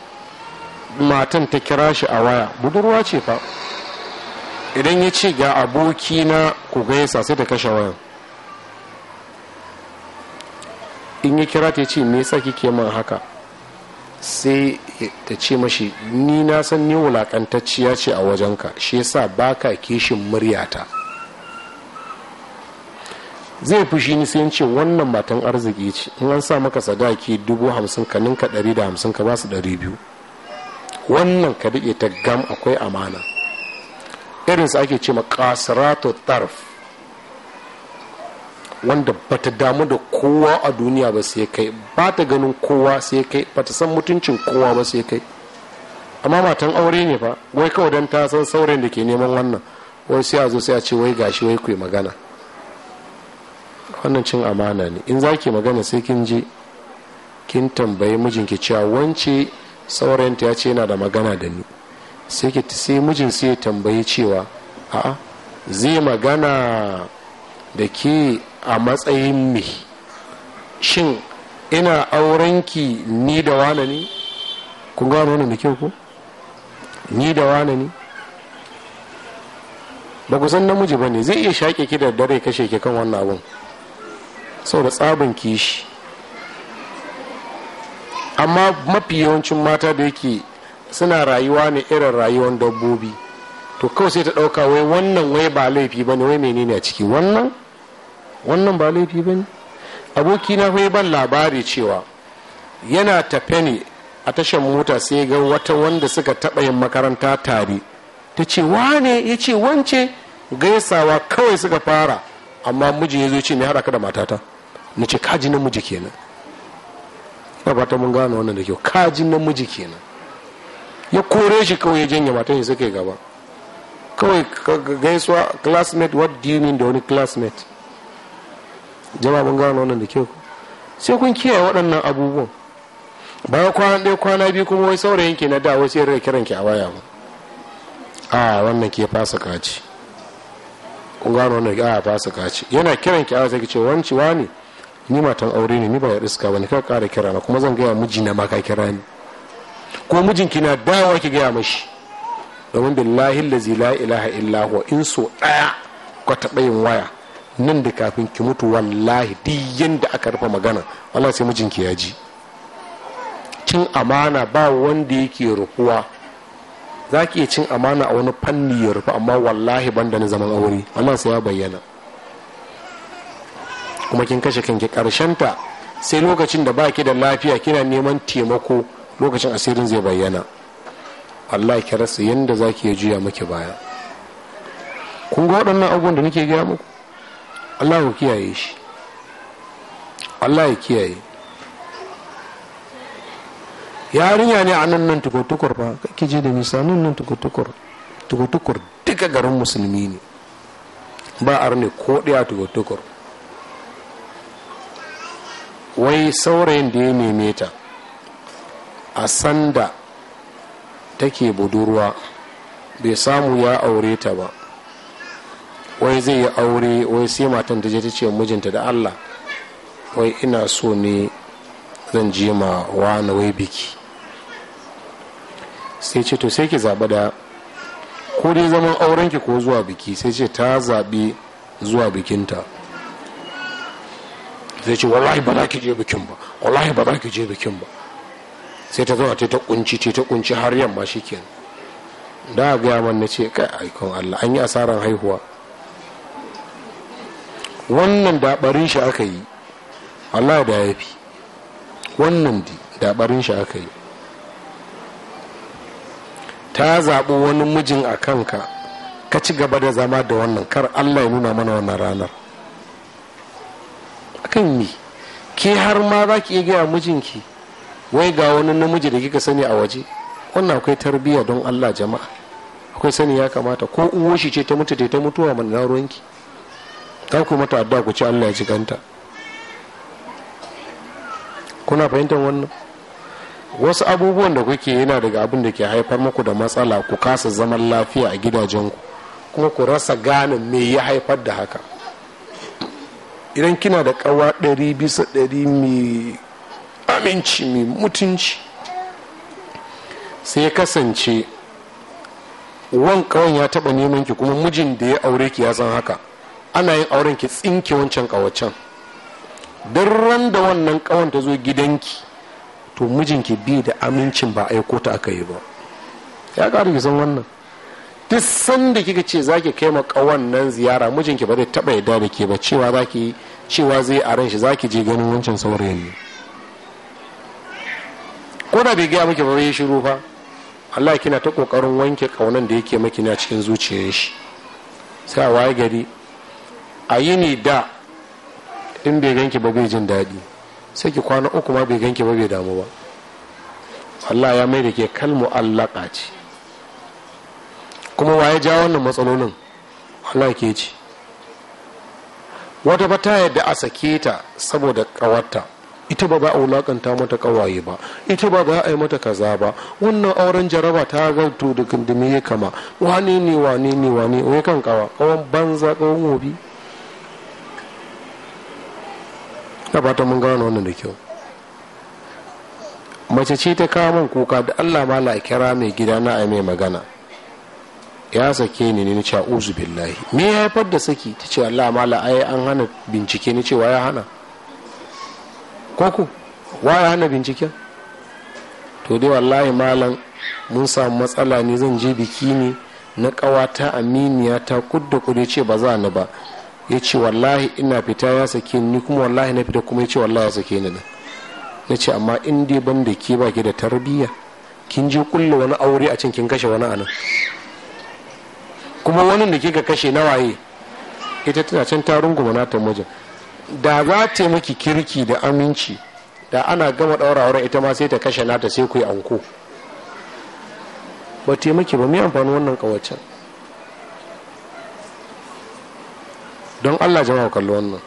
matan ta kira shi a waya budurwa ce fa idan ya ce ga abokina ku gaisa sai ta kashe wayan in ya kira ta ce me yasa kike man haka sai ta ce mashi ni na san ni wulakantacciya ce a wajenka shi yasa baka kishin muryata zai fushi ni sai ce wannan matan arziki ce in an sa maka sadaki dubu hamsin ka ninka dari da hamsin ka ba su biyu wannan ka daɗe ta gam akwai amana irin su ake ce ma kasarato tarf wanda ba ta damu da kowa a duniya ba sai kai ba ta ganin kowa sai kai ba ta san mutuncin kowa ba sai kai amma matan aure ne ba wai kawai don ta san saurayin da ke neman wannan wai sai a zo sai a ce wai gashi wai ku magana wannan cin amana ne in za ki magana sai kin je kin tambayi mijinki cewa wance saurayinta ya ce yana da magana da ni sai mijin sai ya tambayi cewa a'a zai magana da ke a matsayin me shin ina aurenki ni da wane ne kun gano wannan da kyau ko ni da wane ne ba ku san namiji ba ne zai iya shaƙe ki da dare kashe ki kan wannan abun saboda tsabin kishi amma mafi yawancin mata da yake suna rayuwa ne irin rayuwar dabbobi to kawai sai ta ɗauka wai wannan wai ba laifi ba ne wai menene a ciki wannan wannan ba laifi ba ne aboki na wai ban labari cewa yana tafe ne a tashar mota sai ga wata wanda suka taɓa yin makaranta tare ta ce wane ya ce wance gaisawa kawai suka fara amma miji ya zo ce mai haɗa da matata na ce kaji namiji kenan ba ta mun gane wannan da kyau kaji namiji kenan ya kore shi kawai ya janye matan ya suke gaba kawai gaisuwa classmate what do you mean da wani classmate jama'a mun gano wannan da kyau sai kun kiyaye waɗannan abubuwan bayan kwana ɗaya kwana biyu kuma wai saurayin ke na da wasu yarda kiran ki a waya ba a wannan ke fasa kaci kun gano wannan a fasa kaci yana kiran ki a waya ce wanci ne ni matan aure ne ni ba ya iska ba ni ka kara kira na kuma zan gaya miji na maka ka kira ni ko mijinki na dawa ki gaya mashi domin billahi lazi la ilaha illa in so ɗaya ka taɓa yin waya nan da kafin ki mutu wallahi duk yanda aka rufe magana wallahi sai mijinki ya ji cin amana ba wanda yake rufuwa za ki iya cin amana a wani fanni ya rufe amma wallahi banda na zaman aure wallahi sai ya bayyana kuma kin kashe kanki ta sai lokacin da baki da lafiya kina neman taimako lokacin asirin zai bayyana allah ki rasa yadda za ki juya maki baya kun ga waɗannan abubuwan da nake gaya muku allah ku kiyaye shi allah ya kiyaye yarinya ne a nan nan tukur ba kake je da nisa nan nan tukur tukur duka garin musulmi ne ba a ne ko ɗaya tukutukur wai saurayin da ya neme ta a sanda take budurwa bai samu ya aure ta ba wai zai yi aure wai sai matan da ta ce mijinta da allah wai ina so ne zan je ma wani wai biki sai ce to sai ki zaɓi da ko dai zaman aurenki ko zuwa biki sai ce ta zaɓi zuwa bikinta zai ce wallahi ba za ki je bikin ba wallahi ba za ki je bikin ba sai ta zauna ta ta kunci ta ta kunci har yamma ke da a gaya man na ce kai aikon Allah an yi asaran haihuwa wannan dabarin shi aka yi Allah da ya fi wannan dabarin shi aka yi ta zaɓi wani mijin a kanka ka ci gaba da zama da wannan kar Allah ya nuna mana wannan ranar akan me ke har ma za ki iya gaya mijinki wai ga wani namiji da kika sani a waje wannan akwai tarbiyya don allah jama'a akwai sani ya kamata ko uwoshi ce ta mutu ta mutuwa mana na ruwanki ta ku mata adda ku ci allah ya ci ganta kuna fahimtar wannan wasu abubuwan da kuke yana daga abin da ke haifar muku da matsala ku kasa zaman lafiya a gidajenku kuma ku rasa ganin me ya haifar da haka idan kina da kawa ɗari bisa ɗari mai aminci mai mutunci sai ya kasance wan kawan ya taba neman ki kuma mijin da ya aure ki ya san haka ana yin auren ki tsinke wancan kawacen don ran wannan kawan ta zo gidanki to mijin ki bi da amincin ba aiko ta aka yi ba ya ƙara ki san wannan duk sanda kika ce za ki kai kawan nan ziyara mijinki ba zai taba yarda da ke ba cewa cewa zai a ran shi za ki je ganin wancan saurayin ne ko da bai gaya miki ba ya shiru fa Allah kina ta kokarin wanke kaunan da yake maki na cikin zuciyar shi sai a waye gari a yi ni da in bai ganki ba bai jin daɗi sai ki kwana uku ma bai ganki ba bai damu ba Allah ya mai da ke kalmu allaka ce kuma waye ja wannan matsalolin Allah ke ce wata bata yadda a sake ta saboda kawarta ita ba za a wulakanta mata kawaye ba ita ba za a yi mata kaza ba wannan auren jaraba ta gautu da gindimi ya kama wani ne wani ne wani ne kan kawa kawan banza kawan wobi ta fata mun gano wannan da kyau mace ce ta kawo min kuka da allah ma la kira mai gida na ai mai magana ya sake ni ne ni ce uzu billahi me ya haifar da saki ta ce allah ma la ai an hana bincike ni cewa ya hana koko waya hana binciken to dai wallahi malam mun samu matsala ne zan je biki ne na ƙawata aminiya ta kudda kudu ce ba za ni ba ya ce wallahi ina fita ya sake ni kuma wallahi na fita kuma ya ce wallahi ya sake ni na ce amma in dai ban da ke baki da tarbiyya kin je kulle wani aure a cin kin kashe wani anan kuma wani da kika kashe na waye ita tana can ta runguma na mijin da za ta miki kirki da aminci da ana gama ɗaura ita ma sai ta kashe nata sai ku yi anko ba ta miki ba mai amfani wannan kawacin don allah jama'a kalli wannan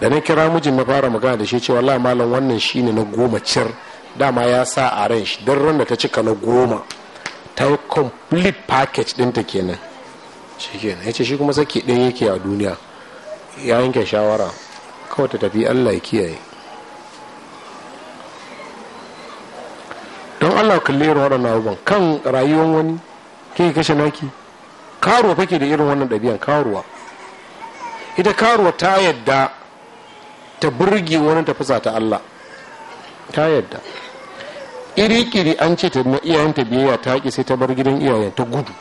da na kira mijin na fara magana da shi cewa Allah malam wannan shi ne na goma cir dama ya sa a ran shi don ran da ta cika na goma ta yi complete package ɗinta kenan shi kenan ya ce shi kuma saki ɗaya yake a duniya ya yanke shawara kawai ta tafi allah ya kiyaye don allah kalli waɗannan abubuwan kan rayuwar wani ke kashe naki karuwa kake da irin wannan ɗabi'an karuwa ita karuwa ta yadda ta burge wani ta fusa ta allah ta yadda iri-kiri an ce ta na iyayenta biyayya ta ƙi sai ta bar gidan iyayen ta gudu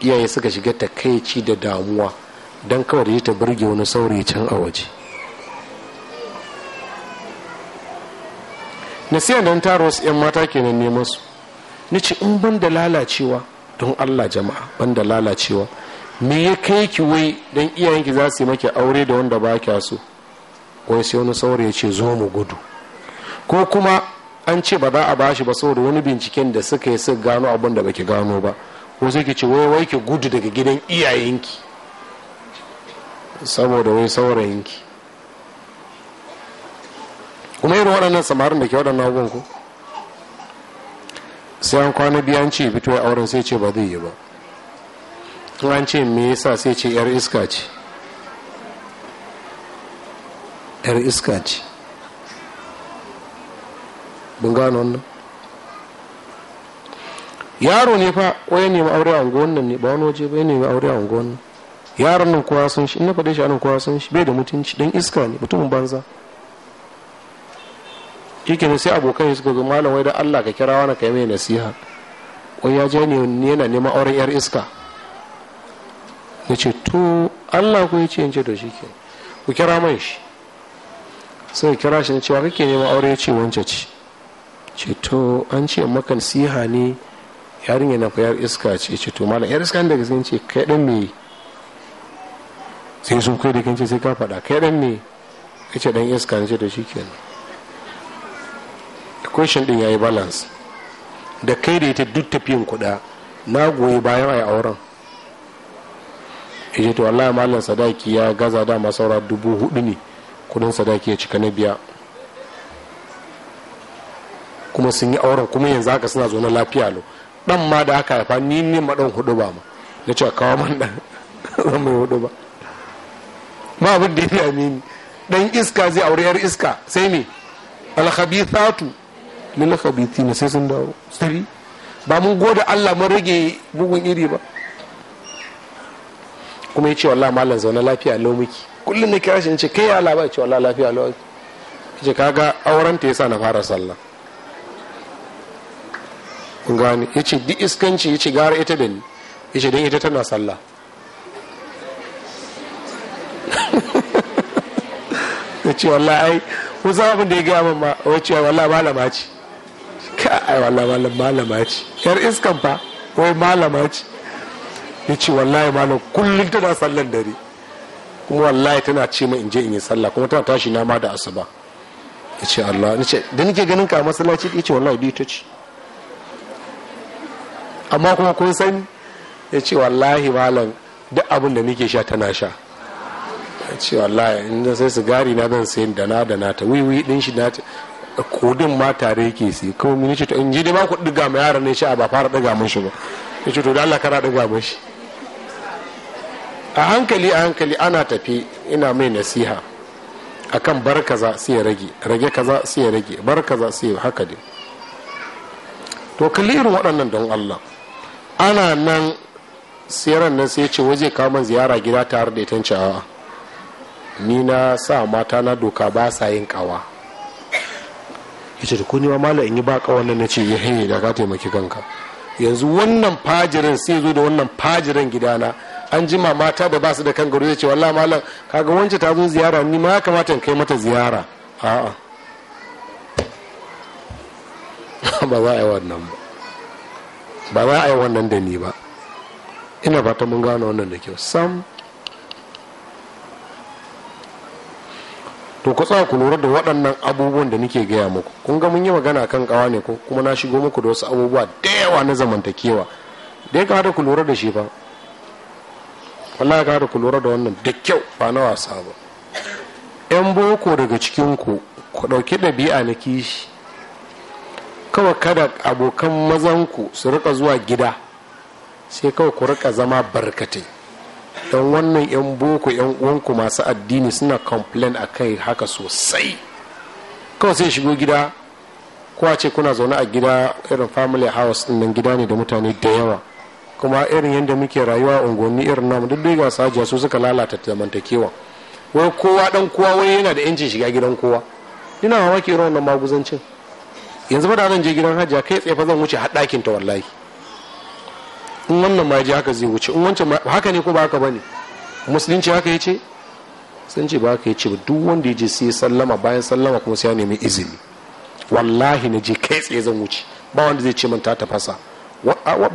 iyaye suka shiga ta ci da damuwa don kawai da ta burge wani saurayi can a waje nasiya don taro wasu 'yan mata kenan neman su ni ce in ban da lalacewa don allah jama'a ban da lalacewa me ya kai ki wai don iyayenki za su yi maki aure da wanda ba kya so wai sai wani saurayi ya ce zo mu gudu ko kuma an ce ba za a bashi ba saboda wani binciken da suka yi suka gano abin da baki gano ba ko sai ki ce wai wai ki gudu daga gidan iyayenki saboda wai saurayinki kuma irin waɗannan samarin da ke waɗannan abubuwan ku sai an kwana biyan ce fito auren sai ce ba zai yi ba in an ce me yasa sai ce yar iska ce yar iska ce bin gano wannan yaro ne fa ko nemi aure a unguwan nan ne ba wani waje ba ya nemi aure a unguwan nan yaran nan kowa sun shi in na faɗe shi anan kowa sun shi bai da mutunci dan iska ne mutumin banza ne sai abokan suka zo malam wai da Allah ka kira wani kai mai nasiha wai ya je ne yana neman auren yar iska ya ce to Allah ko ya ce in ce to shike ku kira mai shi sai kira shi ne cewa kake neman aure ya ce wance ce ce to an ce maka siha ne yarinya na fa yar iska ce ce to malam yar iska da gaske ce kai dan me sai sun kai da kanci sai ka faɗa kai dan ne ya ce dan iska ce da shi kenan equation din yayi balance da kai da ita duk tafiyan kuɗa na goyi bayan a yi auren ya ce to wallahi malam sadaki ya gaza dama saura dubu hudu ne kudin sadaki ya cika na biya kuma sun yi auren kuma yanzu haka suna zaune lafiya lo dan ma da aka haifa ni ne ma dan hudu ba ma na ce kawo man dan zan mai hudu ba ba abin da ya fi amini dan iska zai aure yar iska sai me alkhabithatu lil khabithina sai sun dawo sari ba mun gode Allah mun rage bugun iri ba kuma ya ce wallahi mallan zauna lafiya lau miki kullum ne kira shi ce kai ya Allah ba ya ce wallahi lafiya lau ce kaga auren ta yasa na fara sallah kun gane ya ce duk iskanci ya ce gara ita da ni ya ce don ita tana sallah ya ce wallahi kun san abin da ya gaya mamma ma wai ce malama ce ka ai wallahi malam malama ce yar iskan fa wai malama ce ya ce wallahi malam kullum tana sallan dare kuma wallahi tana ce min in je in yi sallah kuma tana tashi na ma da asuba ya ce Allah ni ce da nake ganin ka masallaci ya ce wallahi biyu ta ce amma kuma kun sani ya ce wallahi malam duk abin da nake sha tana sha ce wallahi in da sai sigari na zan sayin da na da na ta wiwi din shi na ta kudin ma tare yake sai kuma mun ce to in ji da ba ku diga ma yaran ne shi a ba fara diga mun shi ba ya ce to da Allah kana diga mun shi a hankali a hankali ana tafi ina mai nasiha akan bar kaza sai ya rage rage kaza sai ya rage bar kaza sai ya haka din to kalli irin waɗannan don Allah ana nan siyaran nan sai ya ce waje kawo man ziyara gida tare da ita a'a ni na sa mata na doka ba sa yin kawa ya ce ko nima mala in yi ba kawa nan na ce ya eh, hanyar da ka taimaki kanka yanzu wannan fajirin sai zo da wannan fajirin gidana an jima mata da ba su da kan gado ya ce walla malam kaga wance ta zo ziyara ni ma ya kamata in kai mata ziyara a'a ba za a yi wannan ba ba za a yi wannan da ni ba ina fata mun gano wannan da kyau sam to ku tsaya ku lura da waɗannan abubuwan da nake gaya muku kun ga mun yi magana kan kawa ne ko kuma na shigo muku da wasu abubuwa da yawa na zamantakewa da ya kamata ku lura da shi fa wallahi kamata ku lura da wannan da kyau ba na wasa ba yan boko daga cikin ku ku ɗauki ɗabi'a na kishi kawai kada abokan mazan ku su rika zuwa gida sai kawai ku rika zama barkatai don wannan 'yan boko 'yan uwanku masu addini suna complain a kai haka sosai kawai sai shigo gida ko ce kuna zaune a gida irin family house din nan gida ne da mutane da yawa kuma irin yadda muke rayuwa unguwanni irin namu duk dai masu hajiya su suka lalata zamantakewa wai kowa dan kowa wani yana da yancin shiga gidan kowa ina mamaki irin wannan maguzancin yanzu ba da zan je gidan hajiya kai tsaye fa zan wuce haɗakin ta wallahi in wannan ma ji haka zai wuce in wancan haka ne ko ba haka ba ne musulunci haka ya ce sun ce ba haka ya ce ba duk wanda ya je sai ya sallama bayan sallama kuma sai ya nemi izini wallahi na je kai tsaye zan wuce ba wanda zai ce man ta tafasa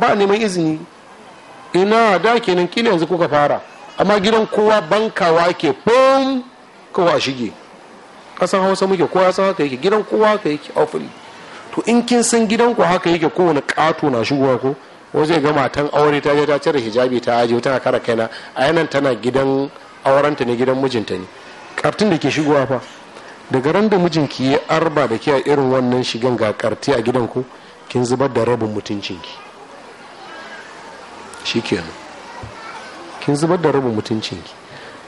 ba neman izini ina da kenan kila yanzu kuka fara amma gidan kowa bankawa ke fom kowa shige kasan hausa muke kowa san haka yake gidan kowa haka yake awfully to in kin san gidan ku haka yake kowane kato na shigowa ko ko zai ga matan aure ta je ta cire hijabi ta ajiye tana kara kaina a yanan tana gidan aurenta ne gidan mijinta ne kartin da ke shigowa fa daga ran da mijinki ya arba da ke a irin wannan shigan ga karti a gidan ku kin zubar da rabin mutuncinki shikenan kin zubar da rabin mutuncinki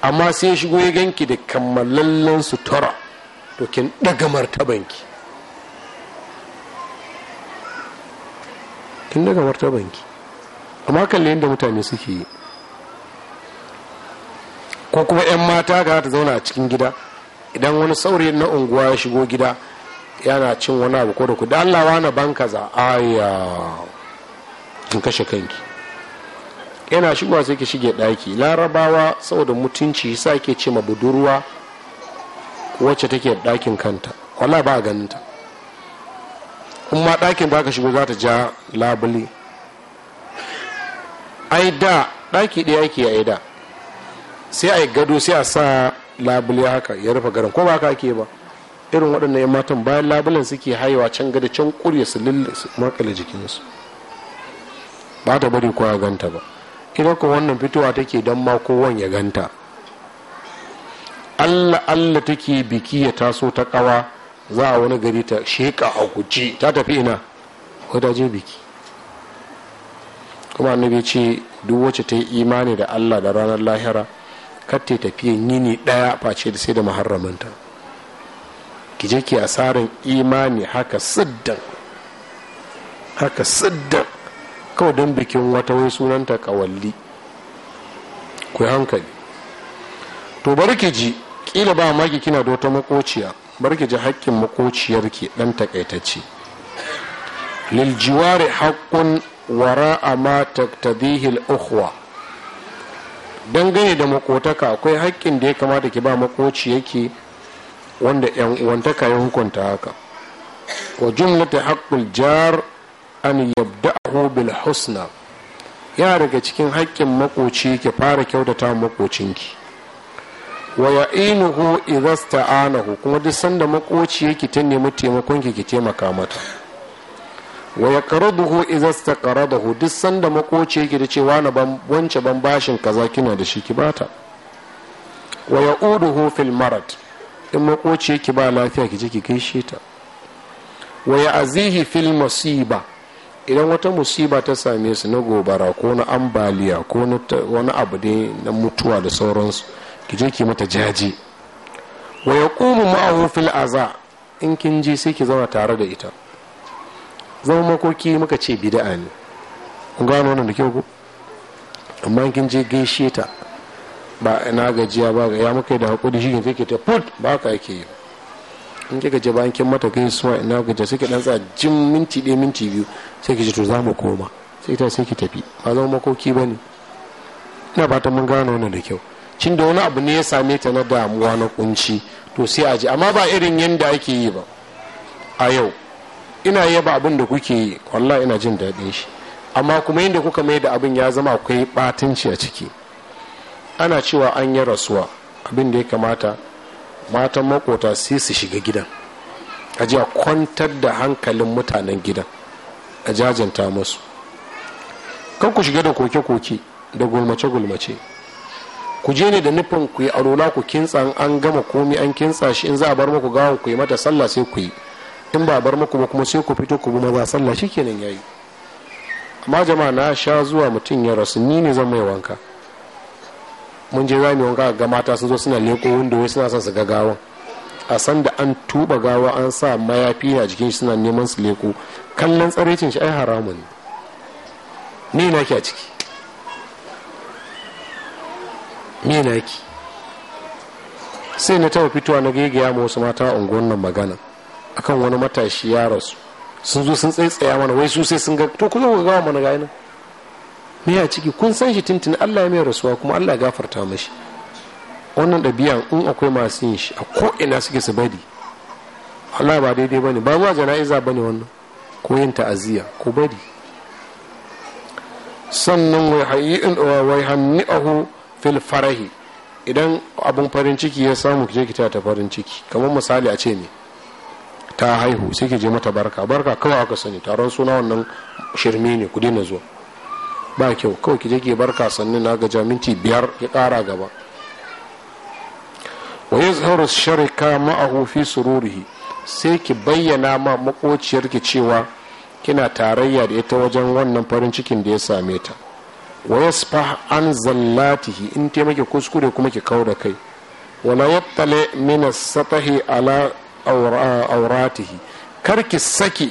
amma sai ya shigo ya ganki da kammalallen sutura to kin daga martabanki tun daga martabanki amma kalli yadda mutane suke yi ko kuma 'yan mata ga ta zauna a cikin gida idan wani saurayin na unguwa ya shigo gida yana cin wani abu ko da kudi Allah wani ban kaza ayya in kashe kanki yana shigowa sai ki shige daki larabawa saboda mutunci sa ke ce ma budurwa wacce take dakin kanta wala ba ganinta in ma ɗakin ka shigo za ta ja labule ai da ɗaki ɗaya ke yi da sai a yi gado sai a sa labule haka ya rufe garin ko ba ka ake ba irin waɗannan yan matan bayan labulen suke haiwa can gada can ƙurya su lille su makale jikinsu ba ta bari kowa ganta ba idan ko wannan fitowa take don ma kowan ya ganta allah allah take biki ya taso ta kawa. za a wani gari ta sheka a guji ta tafi ina wadaje biki kuma annabi ce duk wacce ta yi imani da allah da ranar lahira kar tafiyan yini ɗaya face da sai da maharramanta ki je ki asarin imani haka siddan haka siddan kawai don bikin wata wai sunanta kawalli ku hankali to bari ki ji kila ba maki kina da wata makociya bar ki ji haƙƙin makociyarki ɗan takaitacce lil jiware haƙƙun wara'a ma taktadihi al dangane da makotaka akwai haƙƙin da ya kamata ki ba makociyarki yake wanda yan uwantaka ya hukunta haka wa jumlatu haqqul jar an yabda'ahu bil husna ya daga cikin haƙƙin makoci ki fara kyautata makocinki wa inuhu izasta anahu kuma duk sanda makoci yake ta nemi taimakon ki taimaka mata wa yaqraduhu izasta karaduhu duk sanda makoci yake da cewa na wance ban bashin kaza kina da shi ki bata wa uduhu fil marad in makoci yake ba lafiya ki je ki kai shi ta wa azihi fil musiba idan wata musiba ta same su na gobara ko na ambaliya ko wani abu ne na mutuwa da sauransu ki je ki mata jaji wa ya yaqumu ma'ahu fil aza in kin je sai ki zama tare da ita zama makoki muka ce bida'a ne kun gano wannan da kyau ku? amma kin je gaishe ta ba na gajiya ba ya muka da hakuri shi ke ta put ba ka yake yi in kika je bayan kin mata gaisuwa ina gajiya sai ki dan tsaya jin minti ɗaya minti biyu sai ki ji to za mu koma sai ta sai ki tafi ba zama makoki ba ne ina fatan mun gano wannan da kyau cin da wani abu ne ya same ta na damuwa na kunci to sai a ji amma ba irin yadda ake yi ba a yau ina yaba abin da kuke yi wallah ina jin daɗin shi amma kuma yadda kuka mai da abin ya zama akwai batunci a ciki ana cewa an yi rasuwa abin da ya kamata matan makota sai su shiga gidan a ji a kwantar da hankalin mutanen gidan a jajanta masu kan ku shiga da koke-koke da gulmace-gulmace ku je ne da nufin ku yi arola ku kintsa an gama komi an kintsa shi in za a bar muku gawan ku yi mata sallah sai ku yi in ba a bar muku ba kuma sai ku fito ku bi maza sallah shi ya yi amma jama'a na sha zuwa mutum ya rasu ni ne zan mai wanka mun je za mu wanka ga mata sun zo suna leko wanda wai suna son su ga gawan a san da an tuba gawa an sa mayafi a jikin shi suna neman su leko kallon tsarecin shi ai haramun ne na ke a ciki mina yake sai na taba fitowa na gaigaya ma wasu mata a unguwannin nan magana akan wani matashi ya rasu sun zo sun tsaitsaya mana wai su sai sun ga to ku zo ku gawa mana gani me ya ciki kun san shi tintin Allah ya mai rasuwa kuma Allah ya gafarta mashi wannan dabi'an in akwai masu yin shi a ko ina suke su bari Allah ba daidai bane ba zuwa jana'iza bane wannan ko yin ta'aziyya ko bari sannan wai hayyin wai hanni'ahu fil farahi idan abin farin ciki ya samu ki je ki ta farin ciki kamar misali a ce me ta haihu sai ki je mata barka barka kawai aka sani taron suna wannan shirme ne ku daina zuwa ba kyau kawai ki je ki barka sannan na gaja minti biyar ya kara gaba wa yazharu sharika ma'ahu fi sururihi sai ki bayyana ma makociyarki cewa kina tarayya da ita wajen wannan farin cikin da ya same ta wa yasfah an zallatihi in te maki kuskure kuma ki da kai wala yattale min as-satahi ala auratihi kar ki saki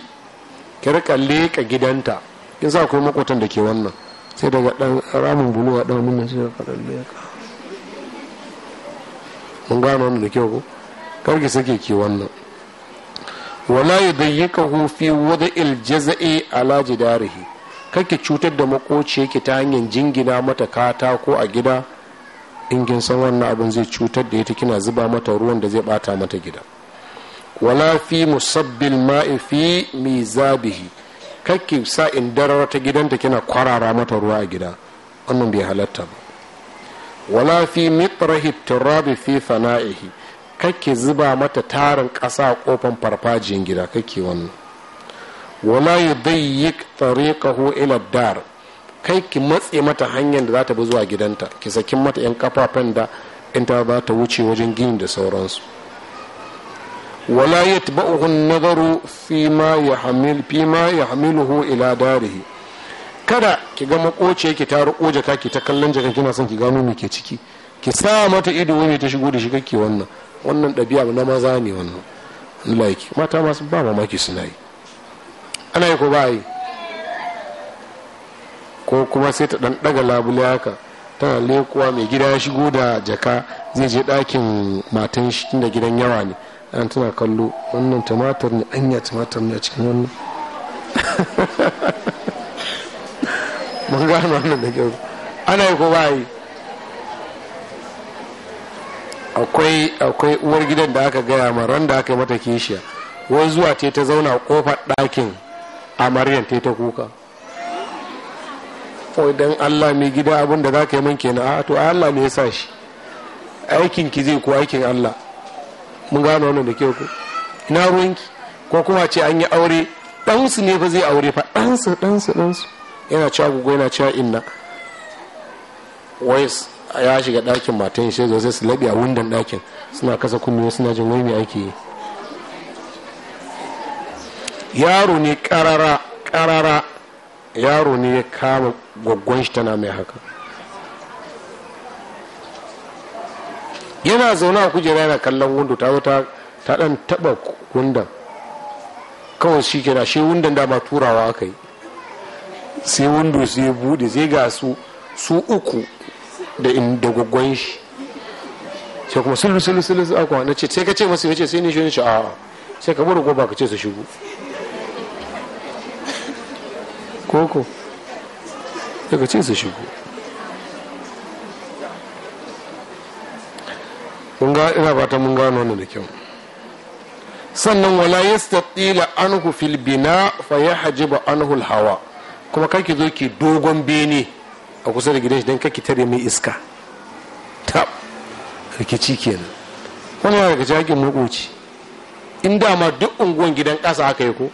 ki rika leka gidanta in sa akwai makotan da ke wannan sai daga dan ramin buluwa dan mun sai ka leka mun gano wannan da kyau ko kar ki saki ki wannan wala yudayyikahu fi wada'il jaza'i ala jidarihi kake cutar da makoci yake ta hanyar jingina mata katako a gida in kin san wannan abin zai cutar da ita kina zuba mata ruwan da zai bata mata gida wala fi musabbil ma'i fi mizabihi kake sa in darar ta gidanta kina kwarara mata ruwa a gida wannan bai halatta ba wala fi mitrahi turabi fi fana'ihi kake zuba mata tarin ƙasa a kofan farfajiyar gida kake wannan wala yudayyiq tariqahu ila dar kai ki matse mata hanyar da za ta bi zuwa gidanta ki saki mata yan kafafen da in ta za ta wuce wajen gini da sauransu wala taba uhun nazaru fi ma ya fi ila darihi kada ki ga makoce ki ta riko jaka ki ta kallon jaka kina son ki gano me ke ciki ki sa mata ido wani ta shigo da shi kake wannan wannan ɗabi'a na maza ne wannan Allah mata masu ba mamaki suna yi ana yi ko ba yi ko kuma sai ta ɗanɗaga labule haka tana lekuwa mai gida ya shigo da jaka zai je ɗakin matan shi da gidan yawa ne an tana kallo wannan tumatir ne anya tumatir ne a cikin wannan mun gano wannan da kyau ana yi ko ba yi akwai akwai uwar gidan da aka gaya ma ran da aka yi mata kishiya wai zuwa ce ta zauna kofar ɗakin a maryan ta ta kuka kawai don allah mai gida abin da za ka yi man kenan a to allah ne ya sa shi aikin ki zai ko aikin allah mun gano wannan da ke ku na ruwanki ko kuma ce an yi aure ɗansu ne fa zai aure fa ɗansu ɗansu ɗansu yana cewa gugu yana cewa inna wais ya shiga ɗakin matan shi sai su laɓi a wundan ɗakin suna kasa kunnuwa suna jin wai mai yi yaro ne karara karara yaro ne ya kama gwaggon shi tana mai haka yana zaune a kujera yana kallon windo ta zo ta dan taba wundan kawai shi kira shi wundan ba turawa aka yi sai windo sai ya bude sai ga su su uku da inda gwaggon shi sai kuma sulu ka ce masu su shigo koko daga ina mun gano da kyau sannan wala yastatila anhu fil bina fa yahjibu anhu al hawa kuma ki zo ki dogon bene a kusa da gidan shi dan kake tare mai iska ta rikici kenan wannan daga cikin makoci inda ma duk unguwan gidan kasa aka yi ko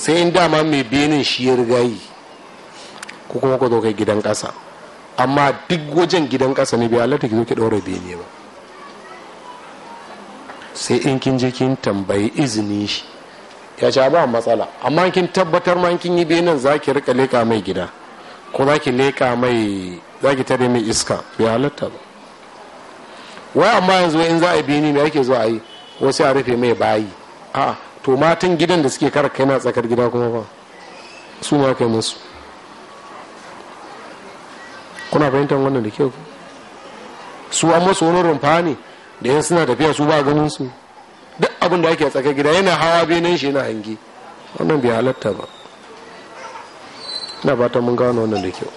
sai in dama mai benin shi ya riga yi ko kuma ku zo kai gidan ƙasa amma duk wajen gidan ƙasa ne bai halatta ki zo ki ɗaura bene ba sai in kin je kin tambayi izini shi ya ce ba matsala amma kin tabbatar ma kin yi benin za ki rika leƙa mai gida ko za ki leƙa mai za ki tare mai iska bai halatta ba wai amma yanzu in za a bini me ake zuwa yi wasu a rufe mai bayi a to matan gidan da suke kara kai na tsakar gida kuma ba su ne aka yi musu kuna fahimtar wannan da kyau su an masu wani rumfa ne da yan suna tafiya su ba ganin su duk abin da ake a tsakar gida yana hawa benin shi yana hangi wannan bai halatta ba ina ta mun gano wannan da kyau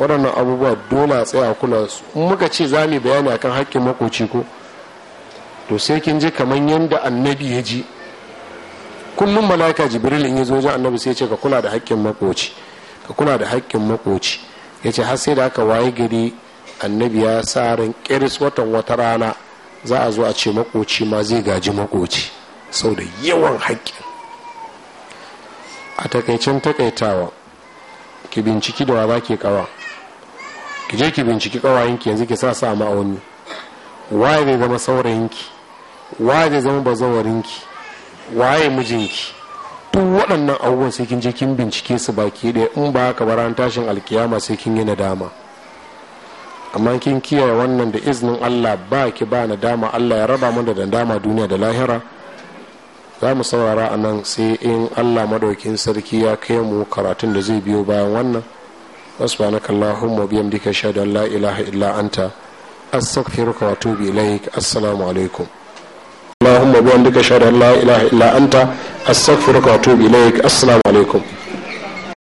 waɗannan abubuwa dole a tsaya kula su muka ce za mu bayani akan haƙƙin makoci ko to sai kin ji kamar yadda annabi ya ji kullum malaika jibril in ya zo wajen annabi sai ya ce ka kula da haƙƙin makoci ka kula da haƙƙin makoci ya ce har sai da aka waye gari annabi ya sa ran kiris watan wata rana za a zo a ce makoci ma zai gaji makoci sau da yawan haƙƙi a takaicen takaitawa ki binciki da wa ke kawa ki je ki binciki kawayenki yanzu ki sa sa ma'auni waye zai zama saurayinki waye zai zama bazawarinki waye mijinki duk waɗannan abubuwan sai kin je kin bincike su baki ɗaya in ba haka ba tashin alkiyama sai kin yi nadama amma kin kiyaye wannan da iznin Allah ba ki ba nadama Allah ya raba mun da nadama duniya da lahira za mu saurara a nan sai in Allah madaukin sarki ya kai mu karatun da zai biyo bayan wannan subhanaka allahumma biyamdika shahadu an la ilaha illa anta astaghfiruka wa atubu ilaik assalamu alaikum اللهم بوندك اشهد ان لا اله الا انت استغفرك واتوب اليك السلام عليكم